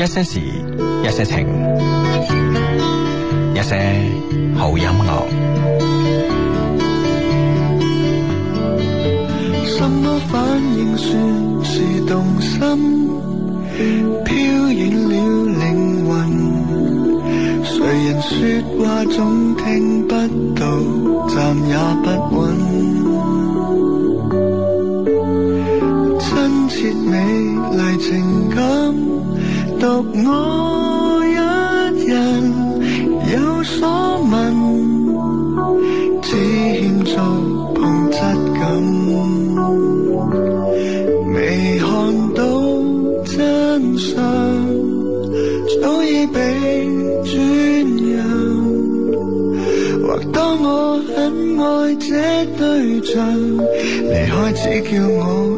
一些事，一些情，一些好音樂。什麼反應算是動心？飄遠了靈魂，誰人説話總聽不到，站也不穩。親切美麗情。獨我一人有所問，只欠做碰質感，未看到真相，早已被轉讓。或當我很愛這對象，離開只叫我。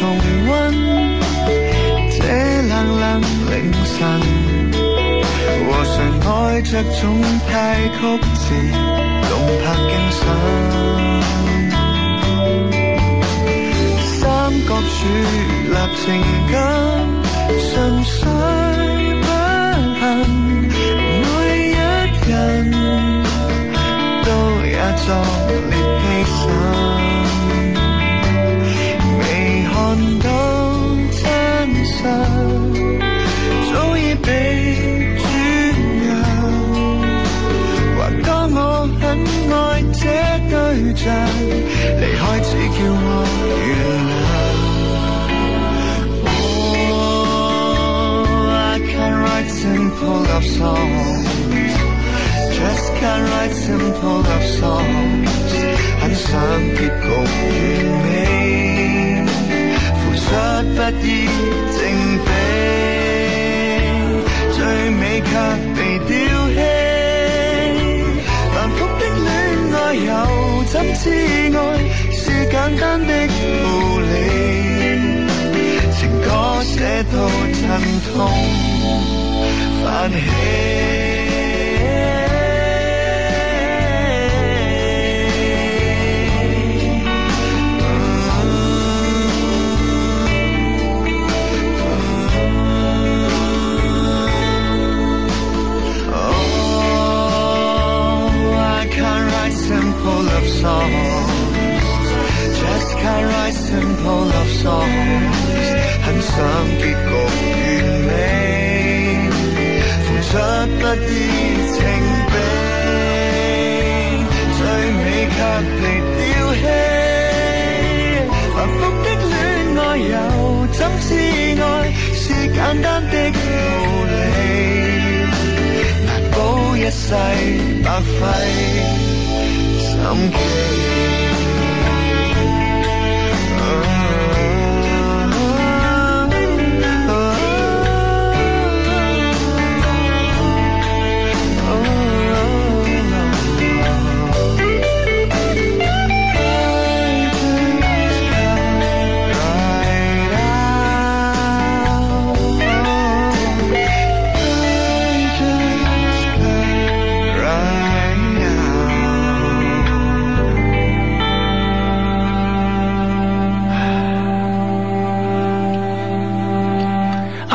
重溫這冷冷凌晨，和誰愛着總太曲折，動魄驚心。三角樹立情感。簡單的道理，情歌寫到陣痛，泛起。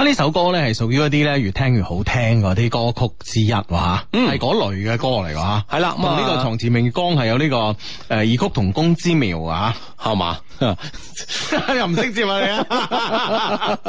呢首歌咧係屬於一啲咧越聽越好聽啲歌曲之一，哇、啊！係嗰、嗯、類嘅歌嚟噶係啦，同呢的嘛、這個《床前明月光》係有呢、這個誒、呃、異曲同工之妙啊係嘛？又唔識接啊你？啊，啊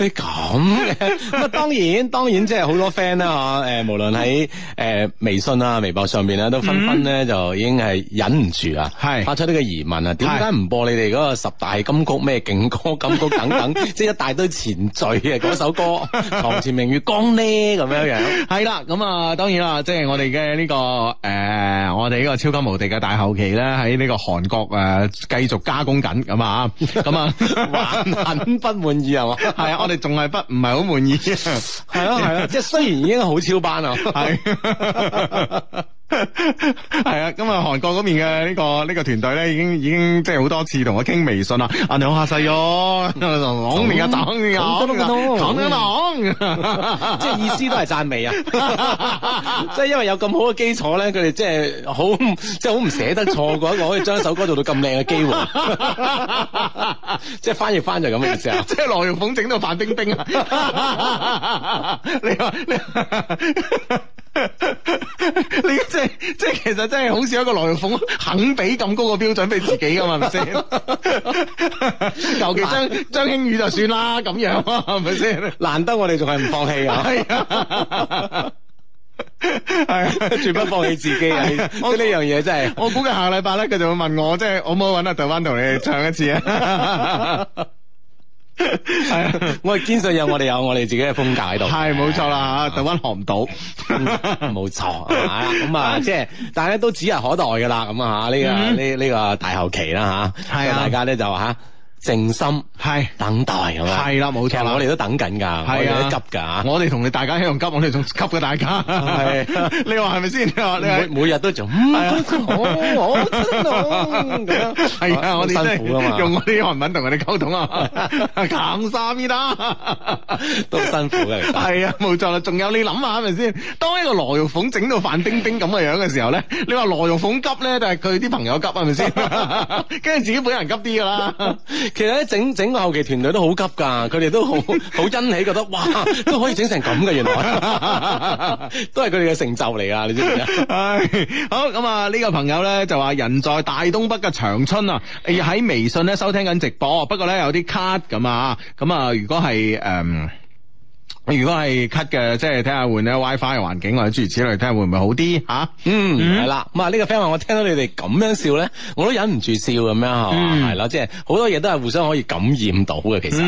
你咁、啊、嘅？咁 啊、 嗯，當然，當然，即係好多 friend 咧、啊、吓，誒，無論喺誒微信啊、微博上邊咧，都紛紛咧就已經係忍唔住啊，係是發出呢個疑問啊，點解唔播你哋個十大金曲咩勁歌金曲等等，即係 一大堆前作。嗰 首歌《床前明月光》呢，咁樣樣，係啦， 咁、嗯、啊當然啦，即係我哋嘅呢個誒、呃，我哋呢個超級無敵嘅大後期咧，喺呢個韓國誒繼續加工緊咁啊，咁啊還很不滿意係嘛？係 啊， 我哋仲係不唔係好滿意？係啊係啊，即係雖然已經好超班啊，係 是的。 係 啊，今日韓國嗰邊嘅呢、呢個呢、呢個團隊咧，已經已經即係好多次同我傾微信啊，阿娘阿細，朗朗朗，即係意思都係讚美啊， 即係因為有咁好嘅基礎咧，佢哋即係好 即係好唔捨得錯過一個可以將一首歌做到咁靚嘅機會， 即係翻譯翻就咁嘅意思啊， 即係羅玉鳳整到范冰冰啊， 你話？你 你即係即係，其實真係好似一個羅玉鳳肯俾咁高個標準俾自己噶、啊、嘛？係咪先？求其張張馨予就算啦，咁樣啊，係咪先？難得我哋仲係唔放棄啊！係 是啊， 啊，係絕不放棄自己 啊！呢樣嘢真係，okay, 我估計下禮拜咧，佢就會問我，即係可唔可以搵阿豆翻同你唱一次啊？ 我係堅信有我哋有我哋自己嘅風格喺度，係冇錯啦吓，台灣學唔到，冇錯係咁啊，即係，但係咧都指日可待噶啦，咁啊吓，呢個呢呢個大後期啦吓，係啊，大家咧就吓。靜心，係等待，係啦，冇錯啦，我哋都等緊噶，我哋急噶，我哋同你大家一樣急，我哋仲急過大家，係你話係咪先？你每每日都做，我我我咁樣，係啊，我哋辛苦噶嘛，用我啲韓文同佢哋溝通啊，砍三呢得，都辛苦嘅，係啊，冇錯啦，仲有你諗下係咪先？當一個羅玉鳳整到范冰冰咁嘅樣嘅時候咧，你話羅玉鳳急咧，但係佢啲朋友急係咪先？跟住自己本人急啲噶啦。其實咧，整整個後期團隊都好急噶，佢哋都好好 欣喜，覺得哇都可以整成咁嘅，原來 都係佢哋嘅成就嚟啊！你知唔知？ 唉，好咁啊！呢個朋友咧，就話人在大東北嘅長春啊，喺微信咧收聽緊直播，不過咧有啲卡咁啊，咁啊如果係誒。呃如果係 cut 嘅，即係睇下換啲 WiFi 嘅環境或者諸如此類，睇下會唔會好啲吓？嗯，係啦。咁啊，呢個 friend 話我聽到你哋咁樣笑咧，我都忍唔住笑咁樣係嘛？係啦，即係好多嘢都係互相可以感染到嘅，其實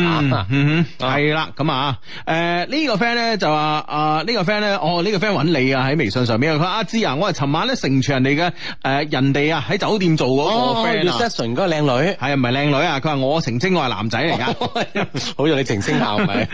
嗯哼，係啦，咁啊，誒呢個 friend 咧就話啊呢個 friend 咧，哦呢個 friend 揾你啊喺微信上邊，佢話阿芝啊，我係尋晚咧成全人哋嘅誒人哋啊喺酒店做嗰個 friend 啊，reception 嗰個靚女係啊唔係靚女啊，佢話我澄清我係男仔嚟噶，好似你澄清下係咪，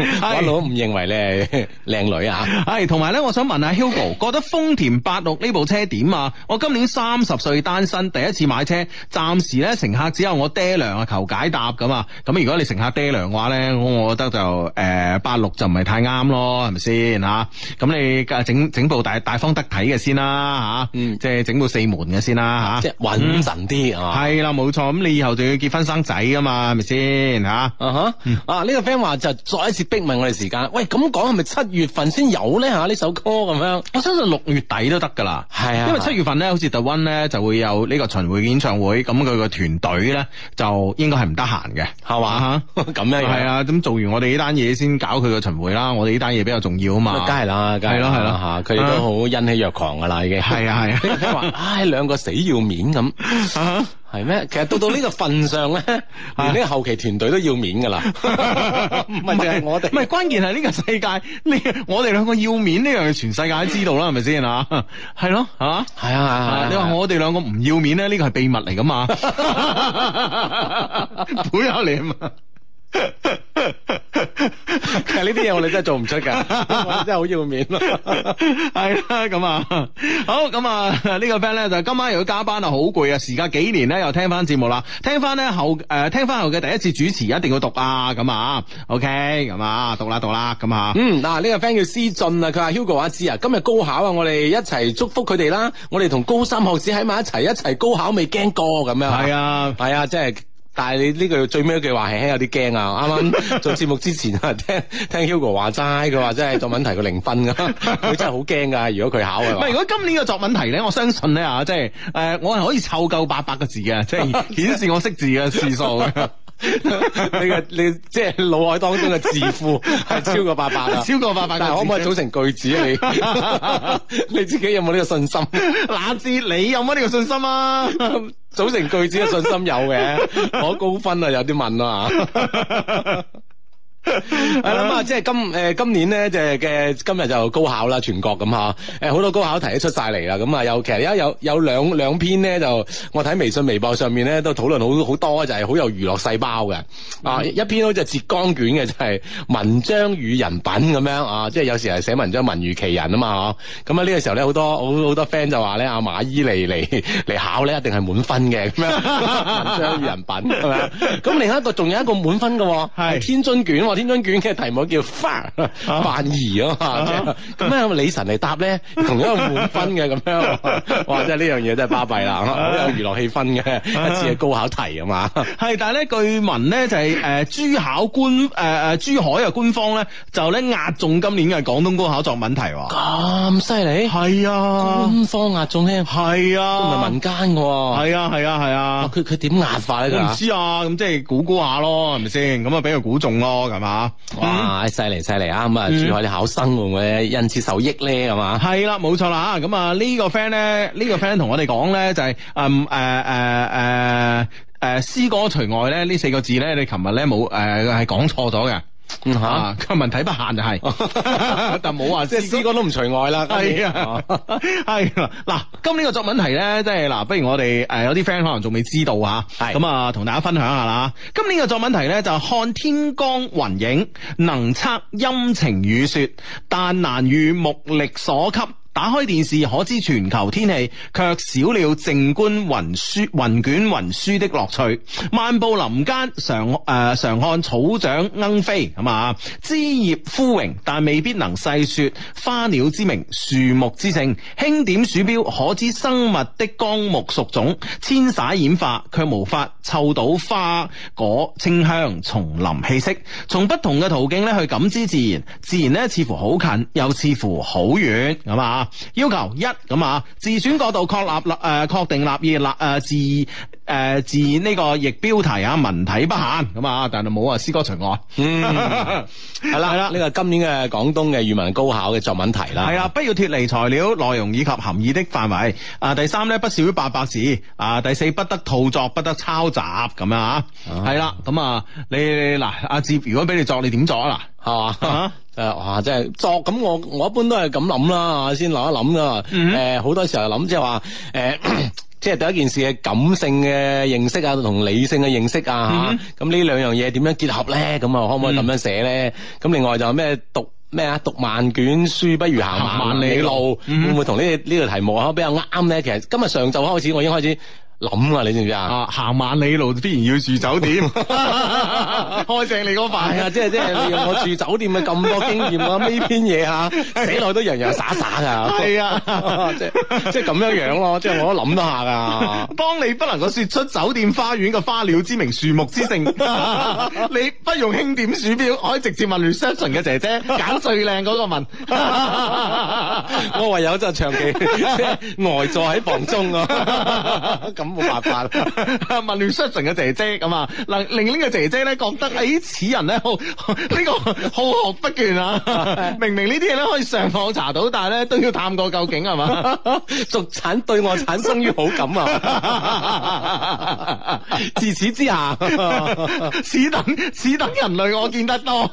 我唔認為。誒，靚女啊！係同埋咧，我想問下 Hugo，覺得豐田八六呢部車點啊？我今年三十歲單身，第一次買車，暫時咧乘客只有我爹娘啊，求解答㗎嘛。咁如果你乘客爹娘嘅話咧，我覺得就誒八六就唔係太啱咯，係咪先吓？咁、啊、你誒整整部大大方得體嘅先啦、啊、吓，啊嗯、即係整部四門嘅先啦吓，即係穩陣啲哦。係啦、嗯，冇錯、嗯。咁你以後就要結婚生仔噶嘛？係咪先吓？啊呢個 friend 話就再一次逼問我哋時間。喂咁。喂喂喂喂咁講係咪七月份先有咧嚇呢、啊、首歌咁樣？我相信六月底都得噶啦，係啊。啊，因為七月份咧，好似杜汶咧就會有呢個巡迴演唱會，咁佢個團隊咧就應該係唔得閒嘅，係嘛？嚇咁樣，係啊。咁、啊、做完我哋呢單嘢先搞佢個巡迴啦。我哋呢單嘢比較重要啊嘛。梗係啦，梗係啦嚇。佢、啊啊、都好欣喜若狂噶啦，已經係啊，係啊。啲人話：唉、哎，兩個死要面咁。係咩？其實到到呢個份上咧， 連呢個後期團隊都要面噶啦。唔係就係我哋。唔係，關鍵係呢個世界，呢我哋兩個要面呢樣嘢，全世界都知道啦，係咪先啊？係咯，吓，係啊，係啊。你話我哋兩個唔要面咧，呢、呢個係秘密嚟噶嘛？有你臉嘛？ 其實呢啲嘢我哋真係做唔出噶，真係好要面咯，係啦咁啊，好咁啊呢個 friend 咧就今晚又要加班啊，好攰啊，時間幾年咧又聽翻節目啦，聽翻咧後誒聽翻後嘅第一次主持一定要讀啊，咁啊，OK 咁啊讀啦讀啦，咁啊，嗯嗱呢個 friend 叫思俊啊，佢話 Hugo 阿芝啊，今日高考啊，我哋一齊祝福佢哋啦，我哋同高三學子喺埋一齊一齊高考未驚過咁樣，係啊係啊，真係。但係你呢句最尾一句話係有啲驚啊！啱啱做節目之前啊，聽聽 Hugo 話齋，佢話真係作文題個零分噶，佢真係好驚噶。如果佢考嘅話，唔係如果今年嘅作文題咧，我相信咧啊，即係誒、呃，我係可以湊夠八百個字嘅，即係顯示我識字嘅字數。 你嘅你即係腦海當中嘅字庫係超過八百啦， 超過八百，但係可唔可以組成句子啊？你 你自己有冇呢個信心？哪知 你有冇呢個信心啊？ 組成句子嘅信心有嘅，攞 高分啊！有啲問啊。 我諗啊，即係 今誒今年咧，就嘅今日就高考啦，全國咁嗬。誒，好多高考題都出晒嚟啦，咁啊，尤其實家有有兩兩篇咧，就我睇微信微博上面咧都討論好好多，就係、是、好有娛樂細胞嘅。啊、mm，hmm. 一篇好似浙江卷嘅，就係、是、文章與人品咁樣啊，即係有時係寫文章文如其人啊嘛嗬。咁啊呢個時候咧，好多好好多 friend 就話咧、啊，阿馬伊琍嚟嚟考咧，一定係滿分嘅。 文章與人品係咁另一個仲有一個滿分嘅，係天津卷。天津卷嘅題目叫範兒啊嘛，咁樣李晨嚟答咧，同一個滿分嘅咁樣，哇！真係呢樣嘢真係巴閉啦，好有娛樂氣氛嘅一次嘅高考題啊嘛。係，但係咧據聞咧就係誒珠考官誒誒珠海嘅官方咧就咧壓中今年嘅廣東高考作文題喎。咁犀利？係啊，官方壓中咧。係啊，唔係民間嘅喎。係啊係啊係啊。佢佢點壓法咧？我唔知啊，咁即係估估下咯，係咪先？咁啊，俾佢估中咯咁。嘛，嗯、哇，犀利犀利啊！咁啊，珠海啲考生會唔會因此受益咧？咁啊、嗯，係啦，冇錯啦！吓、這個，咁、這、啊、個就是，呢個 friend 咧，呢個 friend 同我哋講咧，就係誒誒誒誒誒，詩、呃、歌除外咧，呢四個字咧，你琴日咧冇誒係講錯咗嘅。嗯，吓、啊，今日睇不限就係， 但冇話即係詩歌都唔除外啦。係 啊，係啦。嗱，今年嘅作文題咧，即係嗱，不如我哋誒有啲 friend 可能仲未知道吓，係是，咁啊同大家分享下啦。今年嘅作文題咧就係、是、看天光雲影，能測陰晴雨雪，但難於目力所及。打開電視可知全球天氣，卻少了靜觀雲舒雲捲雲舒的樂趣。漫步林間，常誒、呃、常看草長鶯飛，咁啊枝葉枯榮，但未必能細說花鳥之名、樹木之性。輕點鼠標，可知生物的綱目屬種，遷徙演化，卻無法嗅到花果清香、叢林氣息。從不同嘅途徑咧去感知自然，自然咧似乎好近，又似乎好遠，咁啊。要求一咁啊，自選角度確立誒，確、呃、定立意立誒，自誒、呃、自呢個擬標題啊，文體不限咁啊，但係冇啊，詩歌除外。嗯 了，係啦係啦，呢個今年嘅廣東嘅語文高考嘅作文題啦。係啊、哎，不要脫離材料內容以及含義的範圍。啊，第三咧，不少於八百字。啊，第四，不得套作，不得抄襲。咁樣啊，係啦， 咁、嗯、啊，你嗱、啊，阿哲、啊啊、如果俾你，你作 receive，你，你點作啊嗱？係嘛？誒，哇！即係作咁我我一般都係咁諗啦，先諗一諗噶。誒、嗯，好、欸、多時候諗即係話，誒、就是欸，即係對一件事嘅感性嘅認識啊，同理性嘅認識啊，吓咁呢兩樣嘢點樣結合咧？咁啊，可唔可以咁樣寫咧？咁、嗯、另外就咩讀咩啊？讀萬卷書不如行萬里路，嗯嗯、會唔會同呢呢個題目啊比較啱咧？其實今日上晝開始，我已經開始。諗啊！你知唔知啊？行萬里路，必然要住酒店。開正你嗰份啊！即係即係你我住酒店嘅咁多經驗啊！呢篇嘢嚇寫耐都洋洋灑灑啊。係啊，即係即係咁樣樣咯。即係我都諗到下噶。當你不能夠説出酒店花園嘅花鳥之名、樹木之名，你不用輕點鼠標，可以直接問你 reception 嘅姐姐，揀最靚嗰個問。我唯有就長期即係呆坐喺房中啊！咁。冇辦法，混亂失神嘅姐姐咁啊，能令呢個姐姐咧覺得，哎、欸，此人咧好呢個好，好學不倦啊！ 明明呢啲嘢咧可以上網查到，但係咧都要探過究竟係嘛？ 俗產對我產生於好感啊！ 自此之下， 此等此等人類我見得多，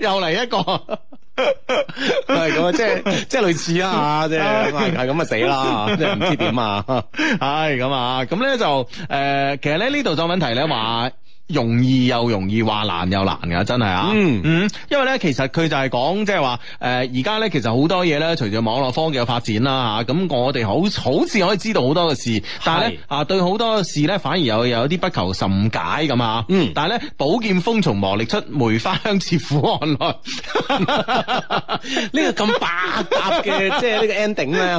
又嚟一個。係咁 啊，即係即係類似啊，吓，即係係咁啊，死啦，即係唔知點啊，係咁啊，咁咧就誒，其實咧呢度有問題咧話。容易又容易，話難又難噶，真係啊！嗯嗯，因為咧，其實佢就係講，即係話，誒，而家咧，其實好多嘢咧，隨住網絡科技嘅發展啦、啊，吓、嗯、咁我哋好好似可以知道好多嘅事，但係咧，是啊，對好多嘅事咧，反而有有啲不求甚解咁啊！嗯，但係咧，寶劍鋒從磨礪出，梅花香自苦寒來，呢 個咁百搭嘅，即係呢個 ending 咧，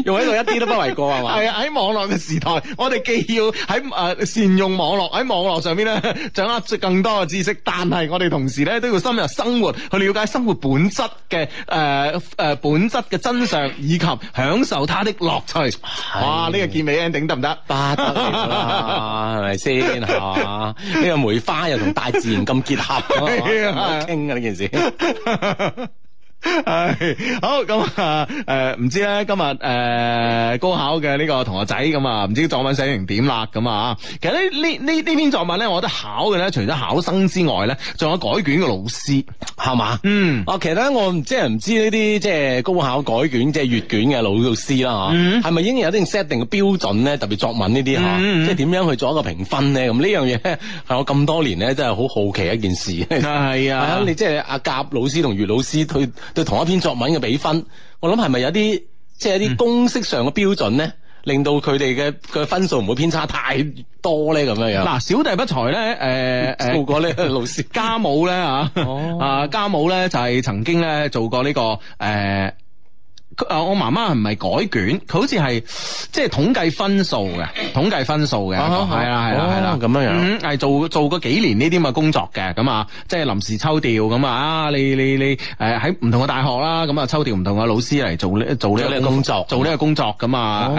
用喺度一啲都不為過，係嘛？係 啊，喺網絡嘅時代，我哋既要喺誒善用網。落喺網絡上邊咧，掌握更多嘅知識，但係我哋同時咧都要深入生活，去了解生活本質嘅誒誒本質嘅真相，以及享受它的樂趣。哇！呢、哎、呀個健美 ending 得唔得？不得，係咪先？呢、啊、 個梅花又同大自然咁結合，好傾啊！呢件事。啊 唉、 哎，好咁啊，誒、嗯，唔知咧今日誒高考嘅呢個同學仔咁啊，唔知作文寫成點啦咁啊，其實呢呢呢呢篇作文咧，我覺得考嘅咧，除咗考生之外咧，仲有改卷嘅老師，係嘛？嗯，啊，其實咧我即係唔知呢啲即係高考改卷即係閱卷嘅老師啦，吓，係咪應該有啲 set 定嘅標準咧？特別作文呢啲吓，嗯嗯、即係點樣去做一個評分咧？咁呢樣嘢係我咁多年咧，真係好好奇一件事。係、嗯嗯、啊， 你即係阿甲老師同月老師對。對同一篇作文嘅比分，我諗係咪有啲即係一啲，就是，公式上嘅標準咧，令到佢哋嘅嘅分數唔會偏差太多咧咁嘅樣。嗱，嗯，小弟不才咧，誒、呃，呃，做過呢個老 師，家母咧吓，啊、哦，家母咧就係、是，曾經咧做過呢、這個誒。呃佢啊！我媽媽唔係改卷，佢好似係即係統計分數嘅，統計分數嘅，係啦，係啦，係啦，咁樣樣，係做做過幾年呢啲咁嘅工作嘅，咁啊，即係臨時抽調咁啊，你你你誒喺唔同嘅大學啦，咁啊抽調唔同嘅老師嚟做咧做呢個工作，做呢個工作咁啊，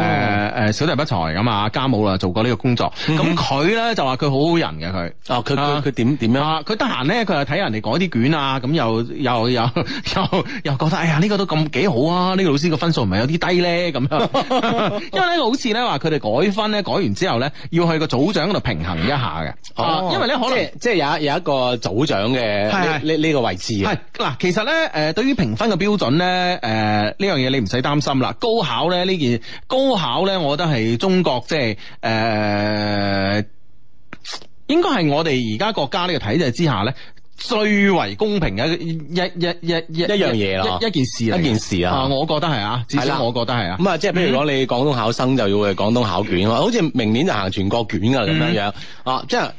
誒誒小弟不才咁啊，家母啊，做過呢個工作，咁佢咧就話佢好好人嘅佢，佢佢佢點點樣啊？佢得閒咧，佢又睇人哋改啲卷啊，咁又又又又又覺得哎呀呢個都咁幾好啊！呢老師個分數唔係有啲低呢？咁樣，因為咧好似咧話佢哋改分咧改完之後呢，要去個組長嗰度平衡一下嘅，哦、因為呢，可能即係有有一個組長嘅呢呢個位置嘅。嗱，其實呢，誒，對於評分嘅標準呢，誒呢樣嘢你唔使擔心啦。高考咧呢件高考呢，我覺得係中國即係誒，應該係我哋而家國家呢個體制之下呢。最為公平嘅一一一一一樣嘢啦，一件事啦，一件事啦、啊。啊，我覺得係啊，至少了我覺得係啊。咁啊、嗯，即係譬如講你廣東考生就要去廣東考卷咯，好似明年就行全國卷噶咁樣樣、嗯、啊，即係。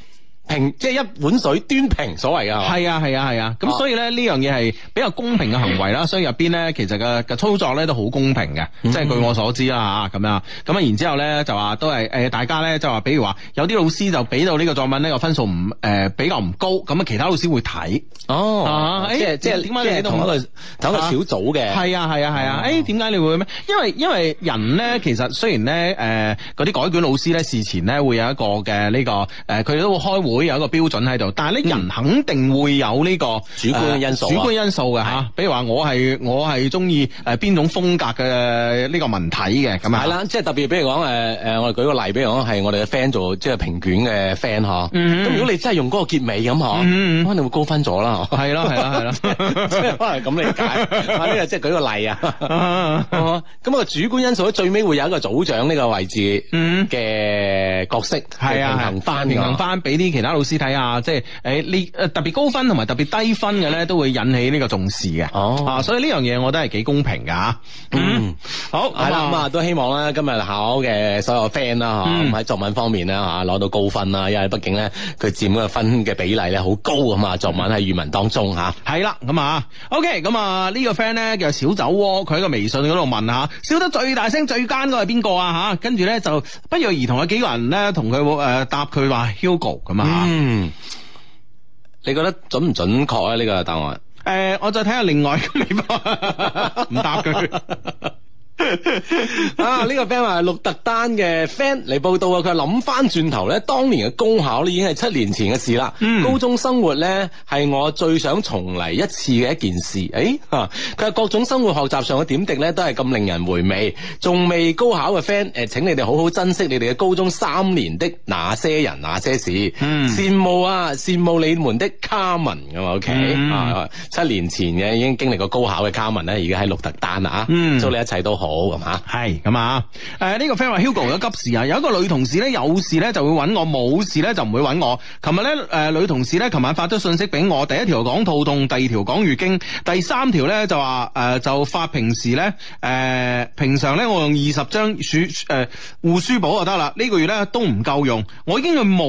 平即係一碗水端平，所謂啊，係啊，係啊，係啊，咁所以咧呢樣嘢係比較公平嘅行為啦。所以入邊咧，其實嘅嘅操作咧都好公平嘅，即係據我所知啦，吓咁樣。咁啊，然之後咧就話都係誒，大家咧即係話，比如話有啲老師就俾到呢個作文呢個分數唔誒比較唔高，咁啊其他老師會睇哦，即係即係點解你都同我走個小組嘅？係啊係啊係啊，誒點解你會咩？因為因為人咧其實雖然咧誒嗰啲改卷老師咧事前咧會有一個嘅呢個誒，佢哋都會開會。會有一個標準喺度，但係咧人肯定會有呢個主觀因素，主觀因素嘅吓，比如話我係我係中意誒邊種風格嘅呢個文體嘅咁啊係啦，即係特別比如講誒誒，我哋舉個例，比如講係我哋嘅 friend 做即係評卷嘅 friend 嗬，咁如果你真係用嗰個結尾咁嗬，可能你會高分咗啦，係啦係啦係啦，即係可能咁理解，呢個即係舉個例啊，咁個主觀因素咧最尾會有一個組長呢個位置嘅角色，係啊，平衡翻平衡翻俾啲其打老師睇下，即係誒，你誒特別高分同埋特別低分嘅咧，都會引起呢個重視嘅。哦，啊，所以呢樣嘢我覺得係幾公平嘅吓、嗯嗯。嗯，好了，係啦、嗯，咁啊都希望啦，今日考嘅所有 friend 啦，嗬，喺作文方面咧吓攞到高分啦，嗯、因為畢竟咧佢佔嗰個分嘅比例咧好高啊嘛，作文喺語文當中吓。係啦、嗯，咁啊、嗯、，OK，咁啊呢個 friend 咧叫小酒窩，佢喺個微信嗰度問下，笑得最大聲最奸嘅係邊個啊吓？跟住咧就不約而同有幾個人咧同佢誒答佢話 Hugo 咁、uh, 啊、嗯。嗯，你覺得準唔準確啊？呢，這個答案？誒，呃，我再睇下另外一個地方，唔 答佢。 啊！呢、這個 friend 係鹿特丹嘅 friend 嚟報道啊，佢諗翻轉頭咧，當年嘅高考咧已經係七年前嘅事啦。嗯、高中生活咧係我最想重嚟一次嘅一件事。誒、欸，佢、啊、係各種生活學習上嘅點滴咧都係咁令人回味。仲未高考嘅 friend，誒，請你哋好好珍惜你哋嘅高中三年的那些人那些事。嗯，羨慕啊，羨慕你們的卡文噶 OK，七年前嘅已經經歷過高考嘅卡文咧，而家喺鹿特丹啊，祝你一切都好。好咁啊，係咁啊，誒呢、呃這個 friend 話 Hugo 有急事啊，有一個女同事咧有事咧就會搵我，冇事咧就唔會搵我。琴日咧誒女同事咧，琴晚發咗信息俾我，第一條講肚痛，第二條講月經，第三條咧就話誒、呃、就發平時咧誒、呃、平常咧我用二十張書誒護書、呃、護舒寶就得啦，呢、這個月咧都唔夠用，我已經去冇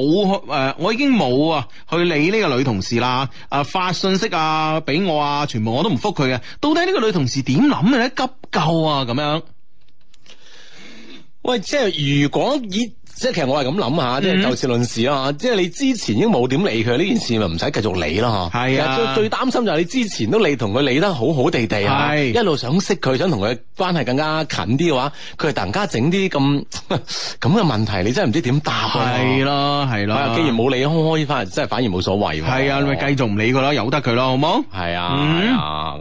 誒我已經冇啊去理呢個女同事啦，啊發信息啊俾我啊，全部我都唔複佢嘅，到底呢個女同事點諗嘅咧？急救啊咁樣。喂，即係如果以。即係其實我係咁諗下，即係、嗯、就，就事論事咯。即、就、係、是、你之前已經冇點理佢呢件事，咪唔使繼續理咯。吓係啊！最，最擔心就係你之前都理同佢理得好好地地吓，一路想識佢，想同佢關係更加近啲嘅話，佢突然間整啲咁咁嘅問題，你真係唔知點答。係咯、啊，係咯、啊啊。既然冇理，開翻嚟真係反而冇所謂。係啊，你咪繼續唔理佢咯，由得佢咯，好冇、啊？係、嗯、啊。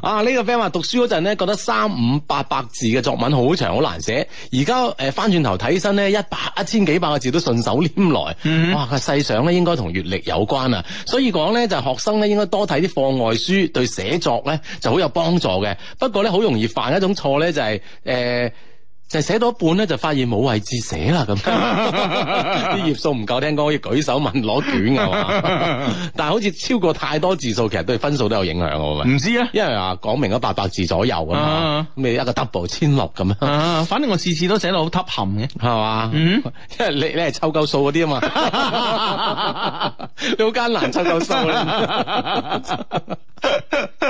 啊呢、這個 friend 話讀書嗰陣咧，覺得三五八百字嘅作文好長，好難寫。而家誒翻轉頭睇起身咧，一百。一千幾百個字都順手拈來，mm hmm. 哇！個細想咧應該同閱歷有關啊，所以講咧就係、是、學生咧應該多睇啲課外書，對寫作咧就好有幫助嘅。不過咧好容易犯一種錯咧就係、是、誒。呃就係寫到一半咧，就發現冇位置寫啦，咁啲頁數唔夠。聽講可以舉手問攞卷啊， 但係好似超過太多字數，其實對分數都有影響嘅。唔知啊，因為啊，講明咗八百字左右咁啊，啊，咩一個 double 千六咁啊。反正我次次都寫到好凹陷嘅，係嘛？因 為你你係湊夠數嗰啲啊嘛，你好艱難湊夠數。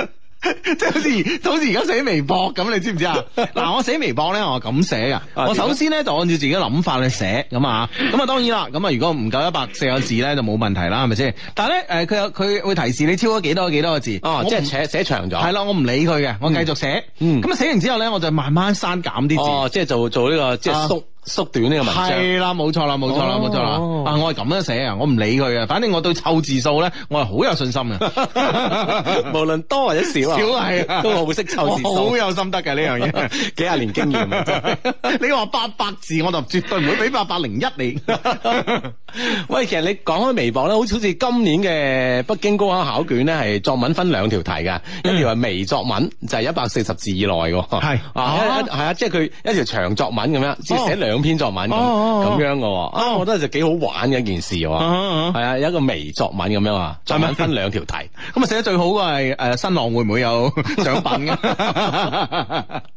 即係 好似好似而家寫微博咁，你知唔知 啊？嗱，我寫微博咧，我咁寫噶。我首先咧何就按照自己諗法去寫咁啊。咁啊，當然啦。咁啊，如果唔夠一百四個字咧，就冇問題啦，係咪先？但係咧，誒、呃，佢有佢會提示你超咗幾多幾多個字。哦、啊，不即係寫寫長咗。係咯，我唔理佢嘅，我繼續寫。嗯。咁啊、嗯，寫完之後咧，我就慢慢刪減啲字。哦、啊，即係做做呢、這個即係縮。啊縮短呢個文章係啦，冇 錯啦，冇錯啦，冇錯啦！Oh, 冇錯啦啊，我係咁樣寫啊，我唔理佢啊，反正我對湊字數咧，我係好有信心嘅。 無論多或者少，啊、都我會識湊字數。好有心得嘅呢樣嘢， 幾廿年經驗、 啊、你話八百字，我就絕對唔會俾八百零一你。 喂，其實你講開微博咧，好好似今年嘅北京高考考卷咧，係作文分兩條題嘅，嗯、一條係微作文，就係一百四十字以內嘅，係是啊，係啊，即係佢一條長作文咁樣，要寫兩。Oh. 整篇作文咁咁樣嘅，哦哦、啊，我覺得就幾好玩嘅一件事係啊，有一個微作文咁樣啊，作文分兩條題，咁啊寫得最好嘅係誒新浪會唔會有獎品嘅、啊？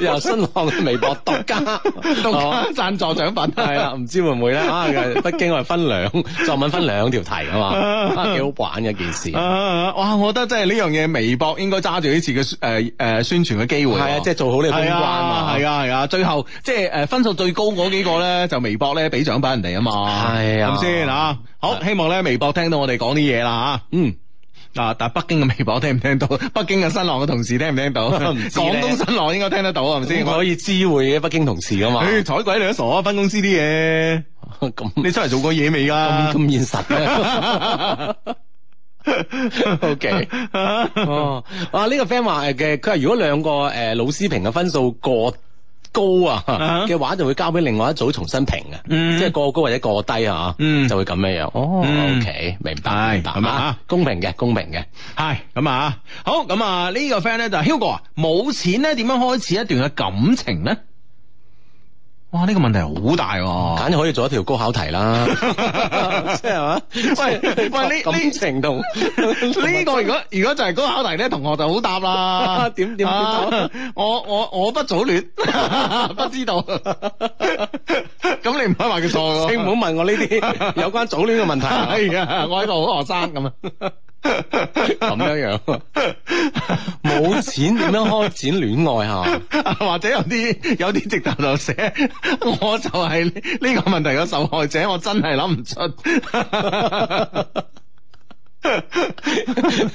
由新浪微博獨家，獨家贊助獎品係啦，唔知會唔會咧啊？北京我哋分兩，作文分兩條題啊嘛，幾好玩嘅一件事。哇，我覺得真係呢樣嘢，微博應該揸住呢次嘅誒誒宣傳嘅機會，係啊，即係做好呢個公關啊，係啊，係啊。最後即係誒分數最高嗰幾個咧，就微博咧俾獎品人哋啊嘛，係咁先啊？好，希望咧微博聽到我哋講啲嘢啦啊，嗯。嗱、啊，但係北京嘅微博聽唔聽到？北京嘅新浪嘅同事聽唔聽到？廣東 新浪應該聽得到係咪先？ 可以知會北京同事噶嘛？誒、 哎，睬鬼你都傻、啊，分公司啲嘢。咁你出嚟做過嘢未噶？咁、嗯嗯嗯、現實。 o、okay. K、啊。哇、啊！呢、這個 friend 話誒嘅，佢話如果兩個誒、呃、老師評嘅分數過高啊嘅話就會交俾另外一組重新評啊，嗯、即係過高或者過低啊，嗯、就會咁樣樣。哦。OK，明白，明白係嘛？公平嘅，公平嘅，係咁啊。好咁啊，就是、Hugo, 呢個 friend 咧就係 Hugo 啊，冇錢咧，點樣開始一段嘅感情咧？哇！呢個問題好大喎，簡直可以做一條高考題啦。即係嘛？喂喂，呢呢程度呢個如果如果就係高考題咧，同學就好答啦。點點點？我我我不早戀，不知道。咁你唔可以話佢錯，你唔好問我呢啲有關早戀嘅問題。係啊，我係度好學生咁啊。咁 樣樣，冇錢點樣開展戀愛吓？ 或者有啲有啲直頭就寫，我就係呢個問題嘅受害者，我真係諗唔出。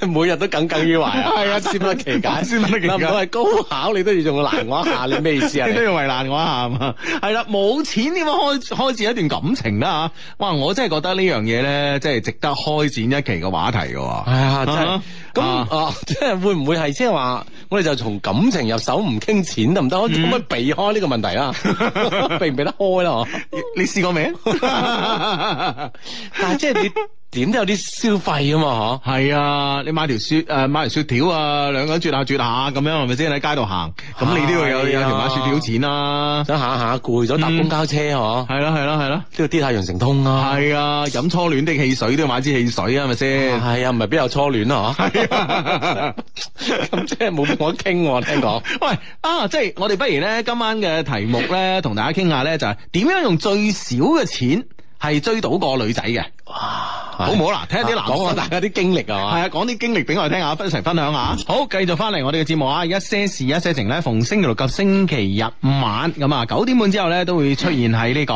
每日都耿耿於懷啊！係啊，先得其解，先得 其解。諗唔到係高考，你都要仲難我一下，你咩意思啊？都要為難我一下，係嘛？係啦，冇錢點樣開開始一段感情啦吓！哇，我真係覺得呢樣嘢咧，即係值得開展一期嘅話題嘅。係、 哎、啊，咁啊，即係、啊、會唔會係即係話，我哋就從感情入手行行，唔傾錢得唔得？可唔可以避開呢個問題啊？ 避唔避得開啦？ 你試過未 但係即係你。點都有啲消費啊嘛，嗬？係啊，你買條雪誒買條雪條啊，兩個人啜下啜下咁樣，係咪先喺街度行？咁你都要有有條買雪條錢啦，啊，想行下攰咗搭公交車嗬？係啦係啦係啦，都要啲下羊城通啊。係啊，飲初戀啲汽水都要買支汽水啊，係咪先？係 啊，唔係邊有初戀啊？嗬？咁即係冇乜可傾喎，聽講。喂，啊，即係我哋不如咧今晚嘅題目咧，同大家傾下咧，就係點樣用最少嘅錢。係追到個女仔嘅，哇，好唔好啦？聽下啲男講，大家啲經歷啊，係啊，講啲經歷俾我哋聽下，一齊分享下。好，繼續翻嚟我哋嘅節目啊！一些事，一些情咧，逢星期六及星期日晚咁啊，九點半之後咧都會出現喺呢個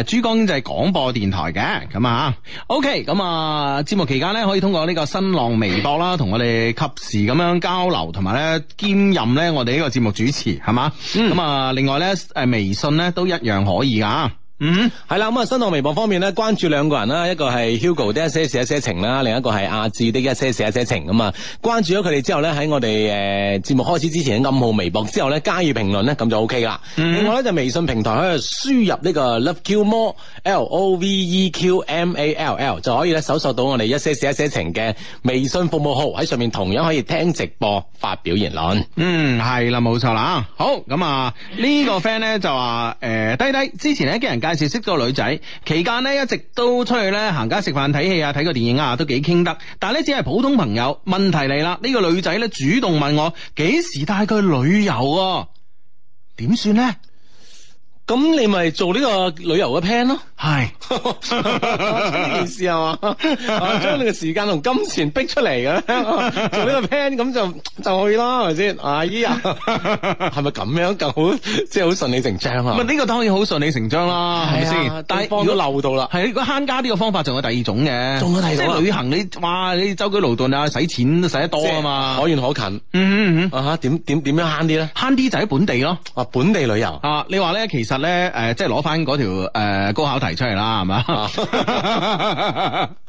誒珠江經濟廣播電台嘅，咁啊 OK，咁啊節目期間咧，可以通過呢個新浪微博啦，同我哋及時咁樣交流，同埋咧兼任咧我哋呢個節目主持，係嘛。咁啊，另外咧，誒微信咧都一樣可以噶。嗯，係啦、mm，咁啊新浪微博方面咧，關注兩個人啦，一個係 Hugo 的一些事一些情啦，另一個係阿志的一些事一些情咁啊、嗯。關注咗佢哋之後咧，喺我哋誒節目開始之前嘅暗號微博之後咧，加入評論咧，咁就 O K 啦。Mm hmm. 另外咧就微信平台喺度輸入呢個 Love Q, More, o、v e、Q m o r e l O V E Q M A L 就可以咧搜索到我哋一些事一些情嘅微信服務號，喺上面同樣可以聽直播、發表言論。嗯、mm，係、hmm. 啦，冇錯啦，好，咁啊 個呢個 friend 咧就話誒、呃、低低，低之前呢，啲人。介紹識個女仔，期間咧一直都出去咧行街食飯睇戲啊，睇個電影啊，都幾傾得。但係咧只係普通朋友。問題嚟啦，呢個女仔咧主動問我幾時帶佢去旅遊，點算呢？」咁、嗯、你咪做呢個旅遊嘅 plan 咯唉，係 呢、啊、件事係嘛？將、啊、你嘅時間同金錢逼出嚟嘅、啊、做呢個 plan 咁就就去咯，係咪先？阿姨啊，係咪咁樣咁好？即係好順理成章啊？呢個當然好順理成章啦，係咪先？但係如果漏到啦，係如果慳家呢個方法仲有第二種嘅，仲有第二種，啊、旅行你哇！你周街勞頓啊，使錢都使得多啊嘛，是可遠可近。嗯嗯嗯，嗯嗯啊點點點樣慳啲咧？慳啲就喺本地咯。啊，本地旅遊啊？你話咧，其實。咧，誒、啊，即係攞翻嗰條誒高考題出嚟啦，係嘛？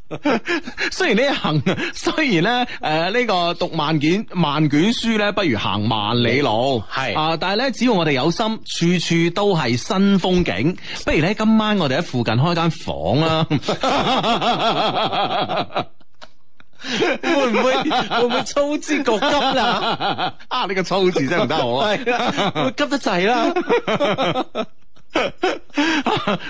雖然呢行，雖然咧，誒，呢個讀萬卷萬卷書咧，不如行萬里路。係是啊，但係咧，只要我哋有心，處處都係新風景。不如咧，今晚我哋喺附近開間房啦。 會唔會會唔會操之過急啊？啊，呢個操字真係唔得我，會急得滯啦！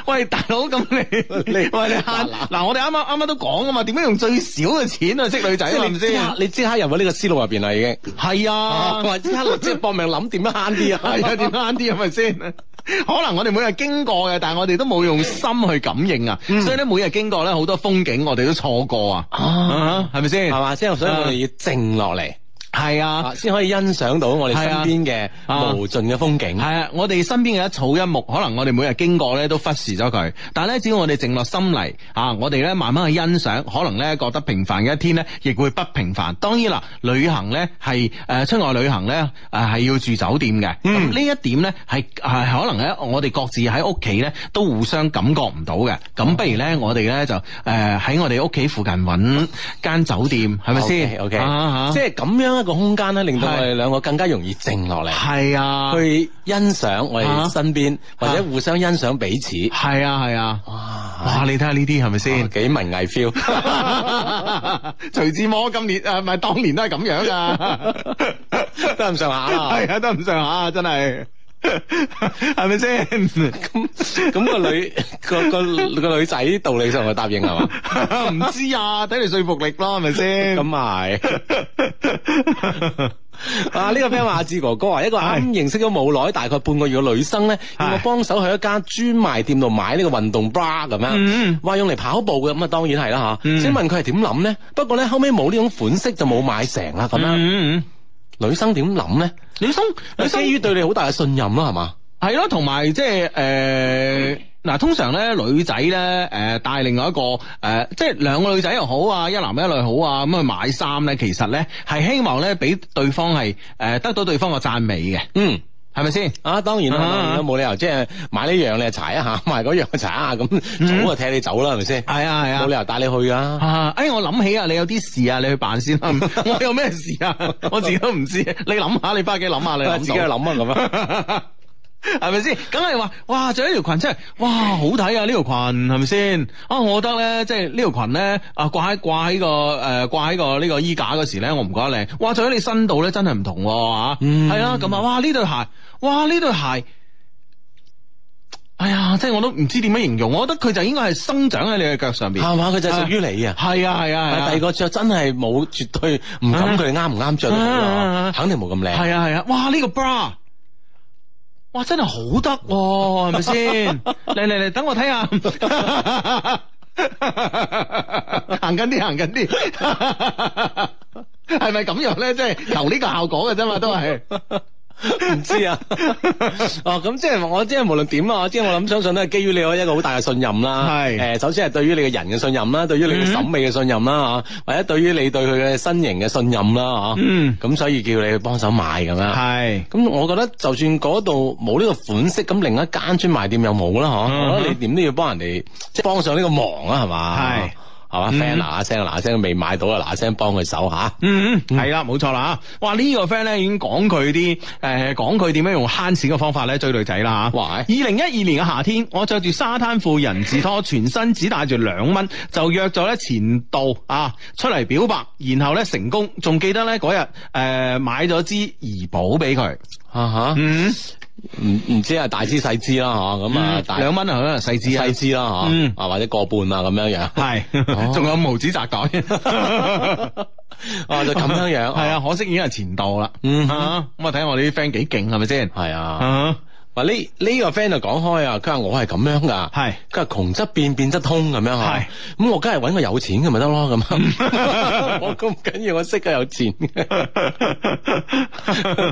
喂，大佬，咁你你喂 你慳嗱、 啊？我哋啱啱啱啱都講噶嘛？點樣用最少嘅錢去、啊、識女仔、啊、你唔知？你即刻入咗呢個思路入邊啦，已經係 啊！我即刻即係搏命諗點樣慳啲啊？點慳啲係咪先？ 可能我哋每日經過嘅，但係我哋都冇用心去感應啊，嗯、所以咧每日經過咧好多風景我哋都錯過啊，係咪先？係嘛吧，所以吧所以我哋要靜落嚟。係啊，先可以欣賞到我哋身邊嘅、啊、無盡嘅風景。係啊，啊，我哋身邊嘅一草一木，可能我哋每日經過咧都忽視咗佢。但係咧，只要我哋靜落心嚟，啊，我哋咧慢慢去欣賞，可能咧覺得平凡嘅一天咧，亦會不平凡。當然啦，旅行咧係誒出外旅行咧誒係要住酒店嘅。嗯。咁呢一點咧係係可能咧我哋各自喺屋企咧都互相感覺唔到嘅。咁不如咧、嗯、我哋咧就誒喺我哋屋企附近揾間酒店，係咪先？O K O K 即係咁樣。個空間咧，令到我哋兩個更加容易靜落嚟，係啊，去欣賞我哋身邊、啊、或者互相欣賞彼此，係啊，係啊，哇、啊、哇，哇哇你睇下呢啲係咪先幾文藝 feel？ 徐志摩今年誒，唔係當年都係咁樣㗎， 得唔上下？係啊 得唔上下？真係。係咪先？咁咁 是、 那個女個個個女仔，道理上咪答應係嘛？唔 知啊，睇嚟說服力咯，係咪先？咁係 啊！呢、這個朋友話，阿志哥哥啊，一個啱認識咗冇耐，大概半個月嘅女生咧，要我幫手去一家專賣店度買呢個運動 bra 咁樣，話、嗯、用嚟跑步嘅咁啊，當然係啦吓。嗯、請問佢係點諗咧？不過咧後尾冇呢種款式就冇買成啦，咁樣。嗯女生點諗呢？女生，基女生於對你好大嘅信任咯，係嘛？係咯，同埋即係誒，嗱、呃，通常呢，女仔呢誒，帶另外一個誒、呃，即係兩個女仔又好啊，一男一女好啊，咁去買衫呢，其實呢係希望呢俾對方係誒、呃、得到對方嘅讚美嘅，嗯。係咪先？啊，當然啦，當然啦，冇理由即係買呢樣你查一下，買嗰樣你查一下咁早啊踢你走啦，係咪先？係啊，係啊，冇理由帶你去噶。啊，哎，我諗起啊，你有啲事啊，你去辦先啦。 我有咩事啊？我自己都唔知。你諗下，你翻屋企諗下，你自己去諗啊，咁啊，係咪先？咁你話，哇，着一條裙真係，哇，好睇啊！呢條裙係咪先？啊，我覺得咧，即係呢條裙咧，啊，掛喺掛喺個誒掛喺個呢個衣架嗰時咧，我唔覺得靚。哇，着喺你身度咧，真係唔同喎嚇。係啊，咁啊，嗯啊，哇，呢對鞋，哇！呢對鞋，哎呀，即係我都唔知點樣形容。我覺得佢就應該係生長喺你嘅腳上邊，係嘛？佢就係屬於你啊！係啊，係啊，啊。第二個着真係冇絕對唔敢佢啱唔啱着咯，肯定冇咁靚。係啊，係啊！哇！呢個 bra，哇，真係好得，係咪先？嚟嚟嚟，等我睇下。行緊啲，行緊啲，係咪咁樣咧？即係求呢個效果嘅啫嘛， 都係。唔知啊， 哦，咁即係我即係無論點啊，即係我諗相信都係基於你一個好大嘅信任啦，係是，誒，首先係對於你嘅人嘅信任啦，對於你嘅審美嘅信任啦，吓，或者對於你對佢嘅身形嘅信任啦，吓，嗯，咁所以叫你去幫手買咁樣，係是，咁我覺得就算嗰度冇呢個款式，咁另一間專賣店又冇啦，嗬、嗯哼，我覺得你點都要幫人哋即係幫上呢個忙啊，係嘛？係。係嗱下聲嗱下聲，未、um，買到啊！嗱下聲幫佢手吓，嗯嗯，係啦，冇錯啦吓。哇！呢、這個 friend 咧已經講佢啲誒，講佢點樣用慳錢嘅方法咧追女仔啦吓。二零一二年嘅夏天，我着住沙灘褲、人字拖，全身只帶住兩蚊，就約咗咧前度啊出嚟表白，然後咧成功，仲記得咧嗰日誒買咗支怡寶俾佢啊吓嗯。唔唔知啊，大支細支啦嗬，咁啊大兩蚊可能細支細支啦嗬，啊或者個半啊咁樣樣，係是，仲、哦、有無紙紮袋， 啊就咁樣樣，係啊，可惜已經係前度啦，嗯咁啊睇下我哋啲 friend 幾勁係咪先，係啊。話呢呢個 friend 就講開啊，佢、嗯、話我係咁樣噶，佢話窮則變，變則通咁樣嗬，咁我梗係揾個有錢嘅咪得咯咁。我咁緊要，我識得有錢，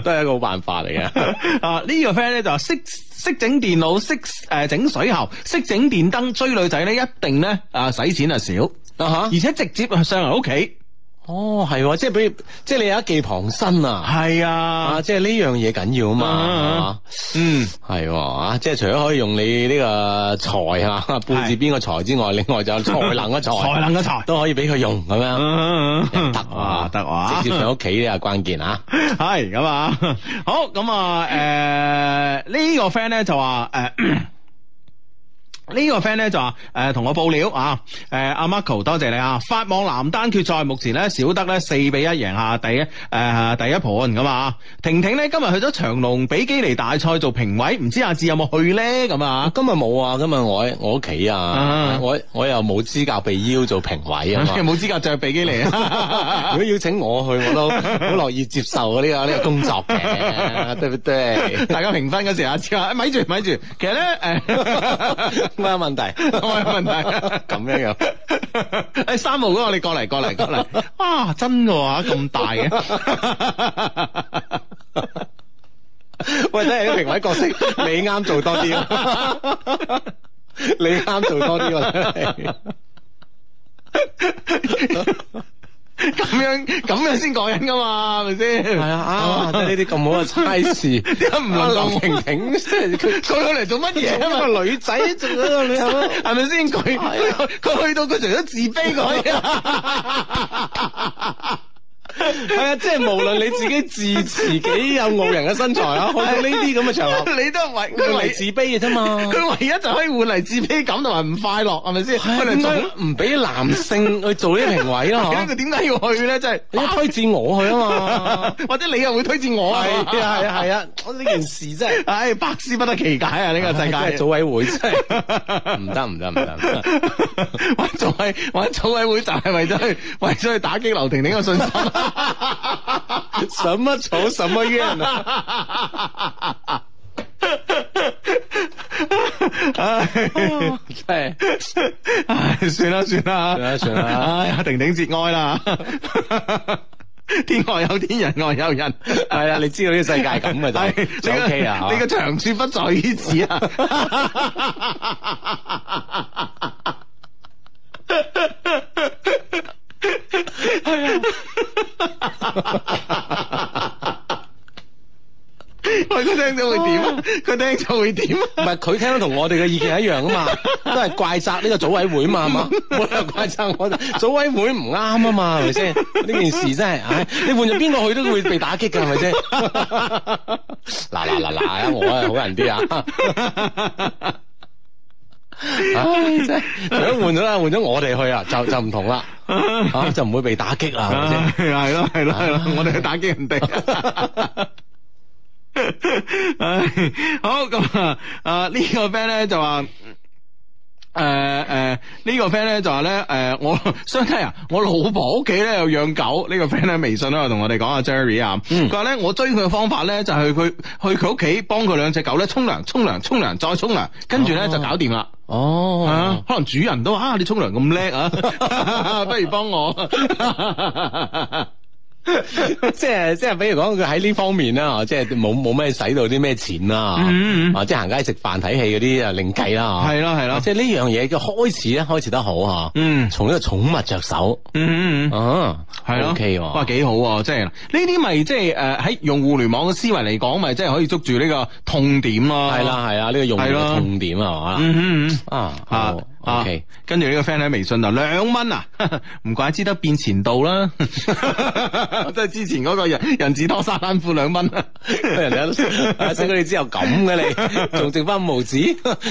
都係一個好辦法嚟嘅。 啊呢、呢個 friend 咧就話識識整電腦，識誒整水喉，識整電燈，追女仔咧一定咧啊使錢少啊少啊吓，而且直接上嚟屋企。哦，係，即係比如，即係你有一技傍身啊，係啊，即係呢樣嘢緊要啊嘛，嗯，係啊，即係除咗可以用你呢個財啊，背住邊個財之外，另外就有才能嘅才，才能嘅才都可以俾佢用咁樣，得啊，得哇，直接上屋企呢啊，關鍵啊，係咁啊，好，咁啊，誒，呢個 friend 咧就話誒。呢個 friend 咧就話誒同我報料啊！誒阿 Marco 多謝你啊！法網男單決賽目前咧小德咧四比一贏下第一誒第一盤咁啊！婷婷咧今日去咗長隆比基尼大賽做評委，唔知阿志有冇去咧咁啊？今日冇啊！今日我喺我屋企啊！我我又冇資格被邀做評委啊嘛！冇資格著比基尼啊！如果邀請我去， 我都好樂意接受呢、呢個呢、呢個工作嘅，對唔對？attend ay 大家評分嗰時，阿志話：咪住咪住，其實咧誒。Orship. alive ologue 冇問題，冇問題，咁樣樣。誒，三號嗰個，你過嚟，過嚟，過嚟。啊，真嘅吓？咁大嘅。或者係啲評委角色，你啱做多啲，你啱做多啲。咁樣咁樣先講人㗎嘛，係咪先？係啊，呢啲咁好嘅差事，點解唔能夠婷婷？佢佢去嚟做乜嘢？一個女仔做嗰個旅行，係咪先？佢佢去到佢除咗自卑講嘢。係啊，即係無論你自己自持幾有傲人嘅身材啊，好似呢啲咁嘅場合，你都係為佢為自卑嘅啫嘛。佢唯一就可以換嚟自卑感同埋唔快樂，係咪先？佢哋唔俾男性去做呢個評委咯？咁佢點解要去咧？即係你推薦我去啊嘛，或者你又會推薦我？係啊係啊係啊！呢件事真係，百思不得其解啊！呢個世界組委會，真係唔得唔得唔得！玩組委玩組委會就係為咗去為咗去打擊劉婷婷嘅信心。什麼仇什麼怨呢？哎，真係哎，算啦算啦，算啦算啦，阿婷婷節哀啦。天外有天，人外有人。係啊，你知道呢個世界係咁嘅就 OK 啦。你個長處不在於此啊。係啊，我都聽到佢點，佢聽到會點，唔係佢聽到同我哋嘅意見一樣啊嘛，都係怪責呢個組委會啊嘛，冇怪責我，組委會唔啱啊嘛，係咪先？呢件事真係，唉，你換咗邊個去都會被打擊噶，係咪先？嗱嗱嗱嗱，我啊好人啲啊。唉、 啊，即係如果換咗啦，換咗我哋去 啊，就就唔同啦，就唔會被打擊啦，係咪先？係咯係咯係咯，我哋去打擊唔得。唉，好咁啊，啊、這個、呢個 friend 咧就話。誒誒，呃這個、呢個 friend 咧就話、是、咧，誒、呃、我相睇啊，我老婆屋企咧有養狗，這個、呢個 friend 咧微信咧就同我哋講阿 Jerry 啊，佢話咧我追佢嘅方法咧就係、是、去去去佢屋企幫佢兩隻狗咧沖涼沖涼沖涼再沖涼，跟住咧、啊、就搞掂啦。哦、啊，可能主人都啊，你沖涼咁叻啊， 不如幫幫我。 即係即係，比如講佢喺呢方面啦，即係冇冇咩使到啲咩錢啦，啊、嗯，即係行街食飯睇戲嗰啲啊，另計啦，係咯係咯，即係呢樣嘢嘅開始咧，開始得好啊、嗯嗯，嗯，從呢個寵物着手，嗯嗯，OK 咯，哇，幾好、啊，即係呢啲咪即係誒，喺、就是呃、用互聯網嘅思維嚟講，咪即係可以捉住呢個痛點咯，係啦係啊，呢個用嘅痛點啊，係嘛、這個的嗯，嗯嗯啊、嗯、啊。O.K. 跟住呢個 friend 喺微信度兩蚊啊，唔怪之得變前度啦，即 係之前嗰個人人字拖沙灘褲兩蚊，人哋阿阿叔你之後咁嘅你，仲剩翻五毫子，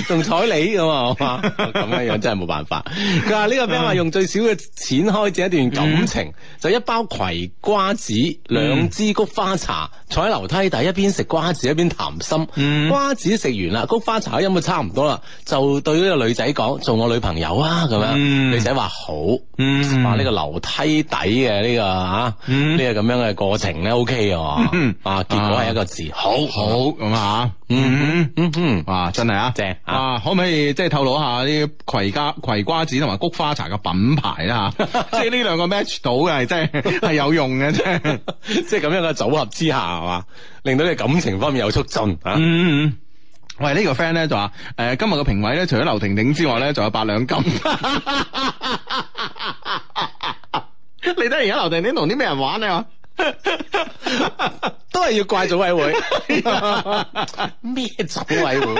仲睬你咁啊嘛，咁嘅樣真係冇辦法。佢話呢個 friend 話用最少嘅錢開始一段感情，嗯、就一包葵瓜子，兩支菊花茶，嗯、坐喺樓梯底一邊食瓜子一邊談心。瓜子食完啦，菊花茶飲到差唔多啦，就對呢個女仔講，仲。我女朋友啊，咁樣 你寫話好，話呢、這個樓梯底嘅呢、這個啊，呢個咁樣嘅過程咧 OK 嘅，啊結果係一個字好，好咁啊，嗯嗯嗯啊真係啊正啊，可唔可以即係透露一下啲葵瓜葵瓜子同埋菊花茶嘅品牌啦？即係呢兩個 match 到嘅，係真係係 有用嘅， 即係即係咁樣嘅組合之下係嘛，令到你感情方面有促進啊。 喂，呢、這個 friend 咧就話，誒、呃，今日個評委咧除咗劉婷婷之外咧，仲有八兩金。 你睇而家劉婷婷同啲咩人玩啊？ 都係要怪組委會。咩 組委會？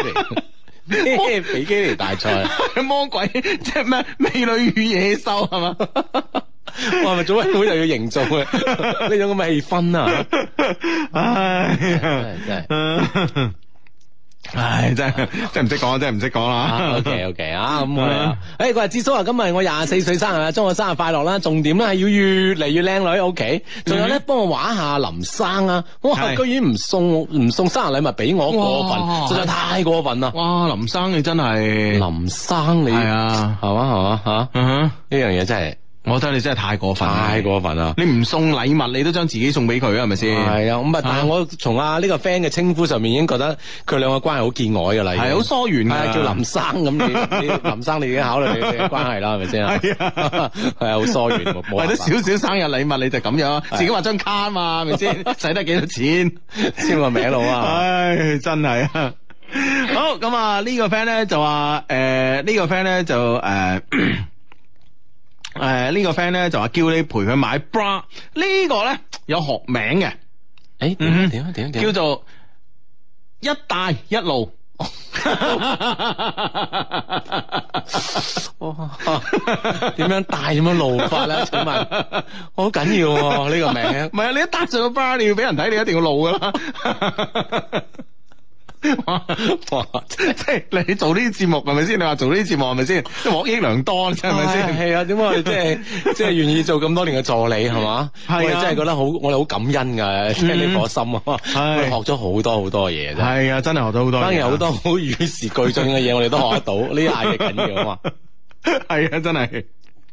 咩比 基尼大賽？ 魔鬼即係咩？美 女與野獸係嘛？ 哇！咪組委會又要營造嘅呢種氣氛啊！唉、 哎，真係。唉，真係 真係唔識講，真係唔識講啦。OK OK 啊，咁我哋啊，誒、hey,，佢話志叔啊，今日我廿四歲生日，祝我生日快樂啦，重點咧係要越嚟越靚女。OK，仲有咧，幫我玩下林生啊，哇，居然唔送唔送生日禮物俾我，過分，哇實在太過分啦。哇，林生你真係，林生你係、 哎、啊，係嘛係嘛吓，呢樣嘢真係。我覺得你真係太過分，太過分啦！你唔送禮物，你都將自己送俾佢，係咪先？係啊，咁啊，但係我從阿呢個 friend 嘅稱呼上面已經覺得佢兩個關係好見外噶啦，係好疏遠嘅，叫林生咁。 林生，你已經考慮你嘅關係啦，係咪先？係啊， 係啊，好疏遠。為咗 少少生日禮物你就咁樣，自己話張卡啊嘛，係咪先？使 得幾多錢？簽個名佬、 哎、 啊！唉、這個，真係啊！好咁啊，呢個 friend 咧就話，誒呢個 friend 咧就誒。呃呃呃呃呃呃呃誒，呢個 friend 咧就話叫你陪佢買 bra，呢個咧有學名嘅，誒，點啊點啊叫做一帶一路，哇、 啊，點樣帶點樣露法咧？請問 好緊要喎、啊、呢、呢個名，唔係啊，你一搭上個 bra，你要俾人睇，你一定要露噶啦。 即係你做呢啲節目係咪先？你話做呢啲節目係咪先？獲 益良多，係咪先？係、哎、啊，點解即係即係願意做咁多年嘅助理係嘛、 啊？我哋真係覺得好，我哋好感恩噶，呢顆心，啊、我哋學咗好多好多嘢。係啊，真係學到好多、啊，當然好多好與時俱進嘅嘢，我哋都學得到。呢啲壓力緊要啊嘛，係啊，真係。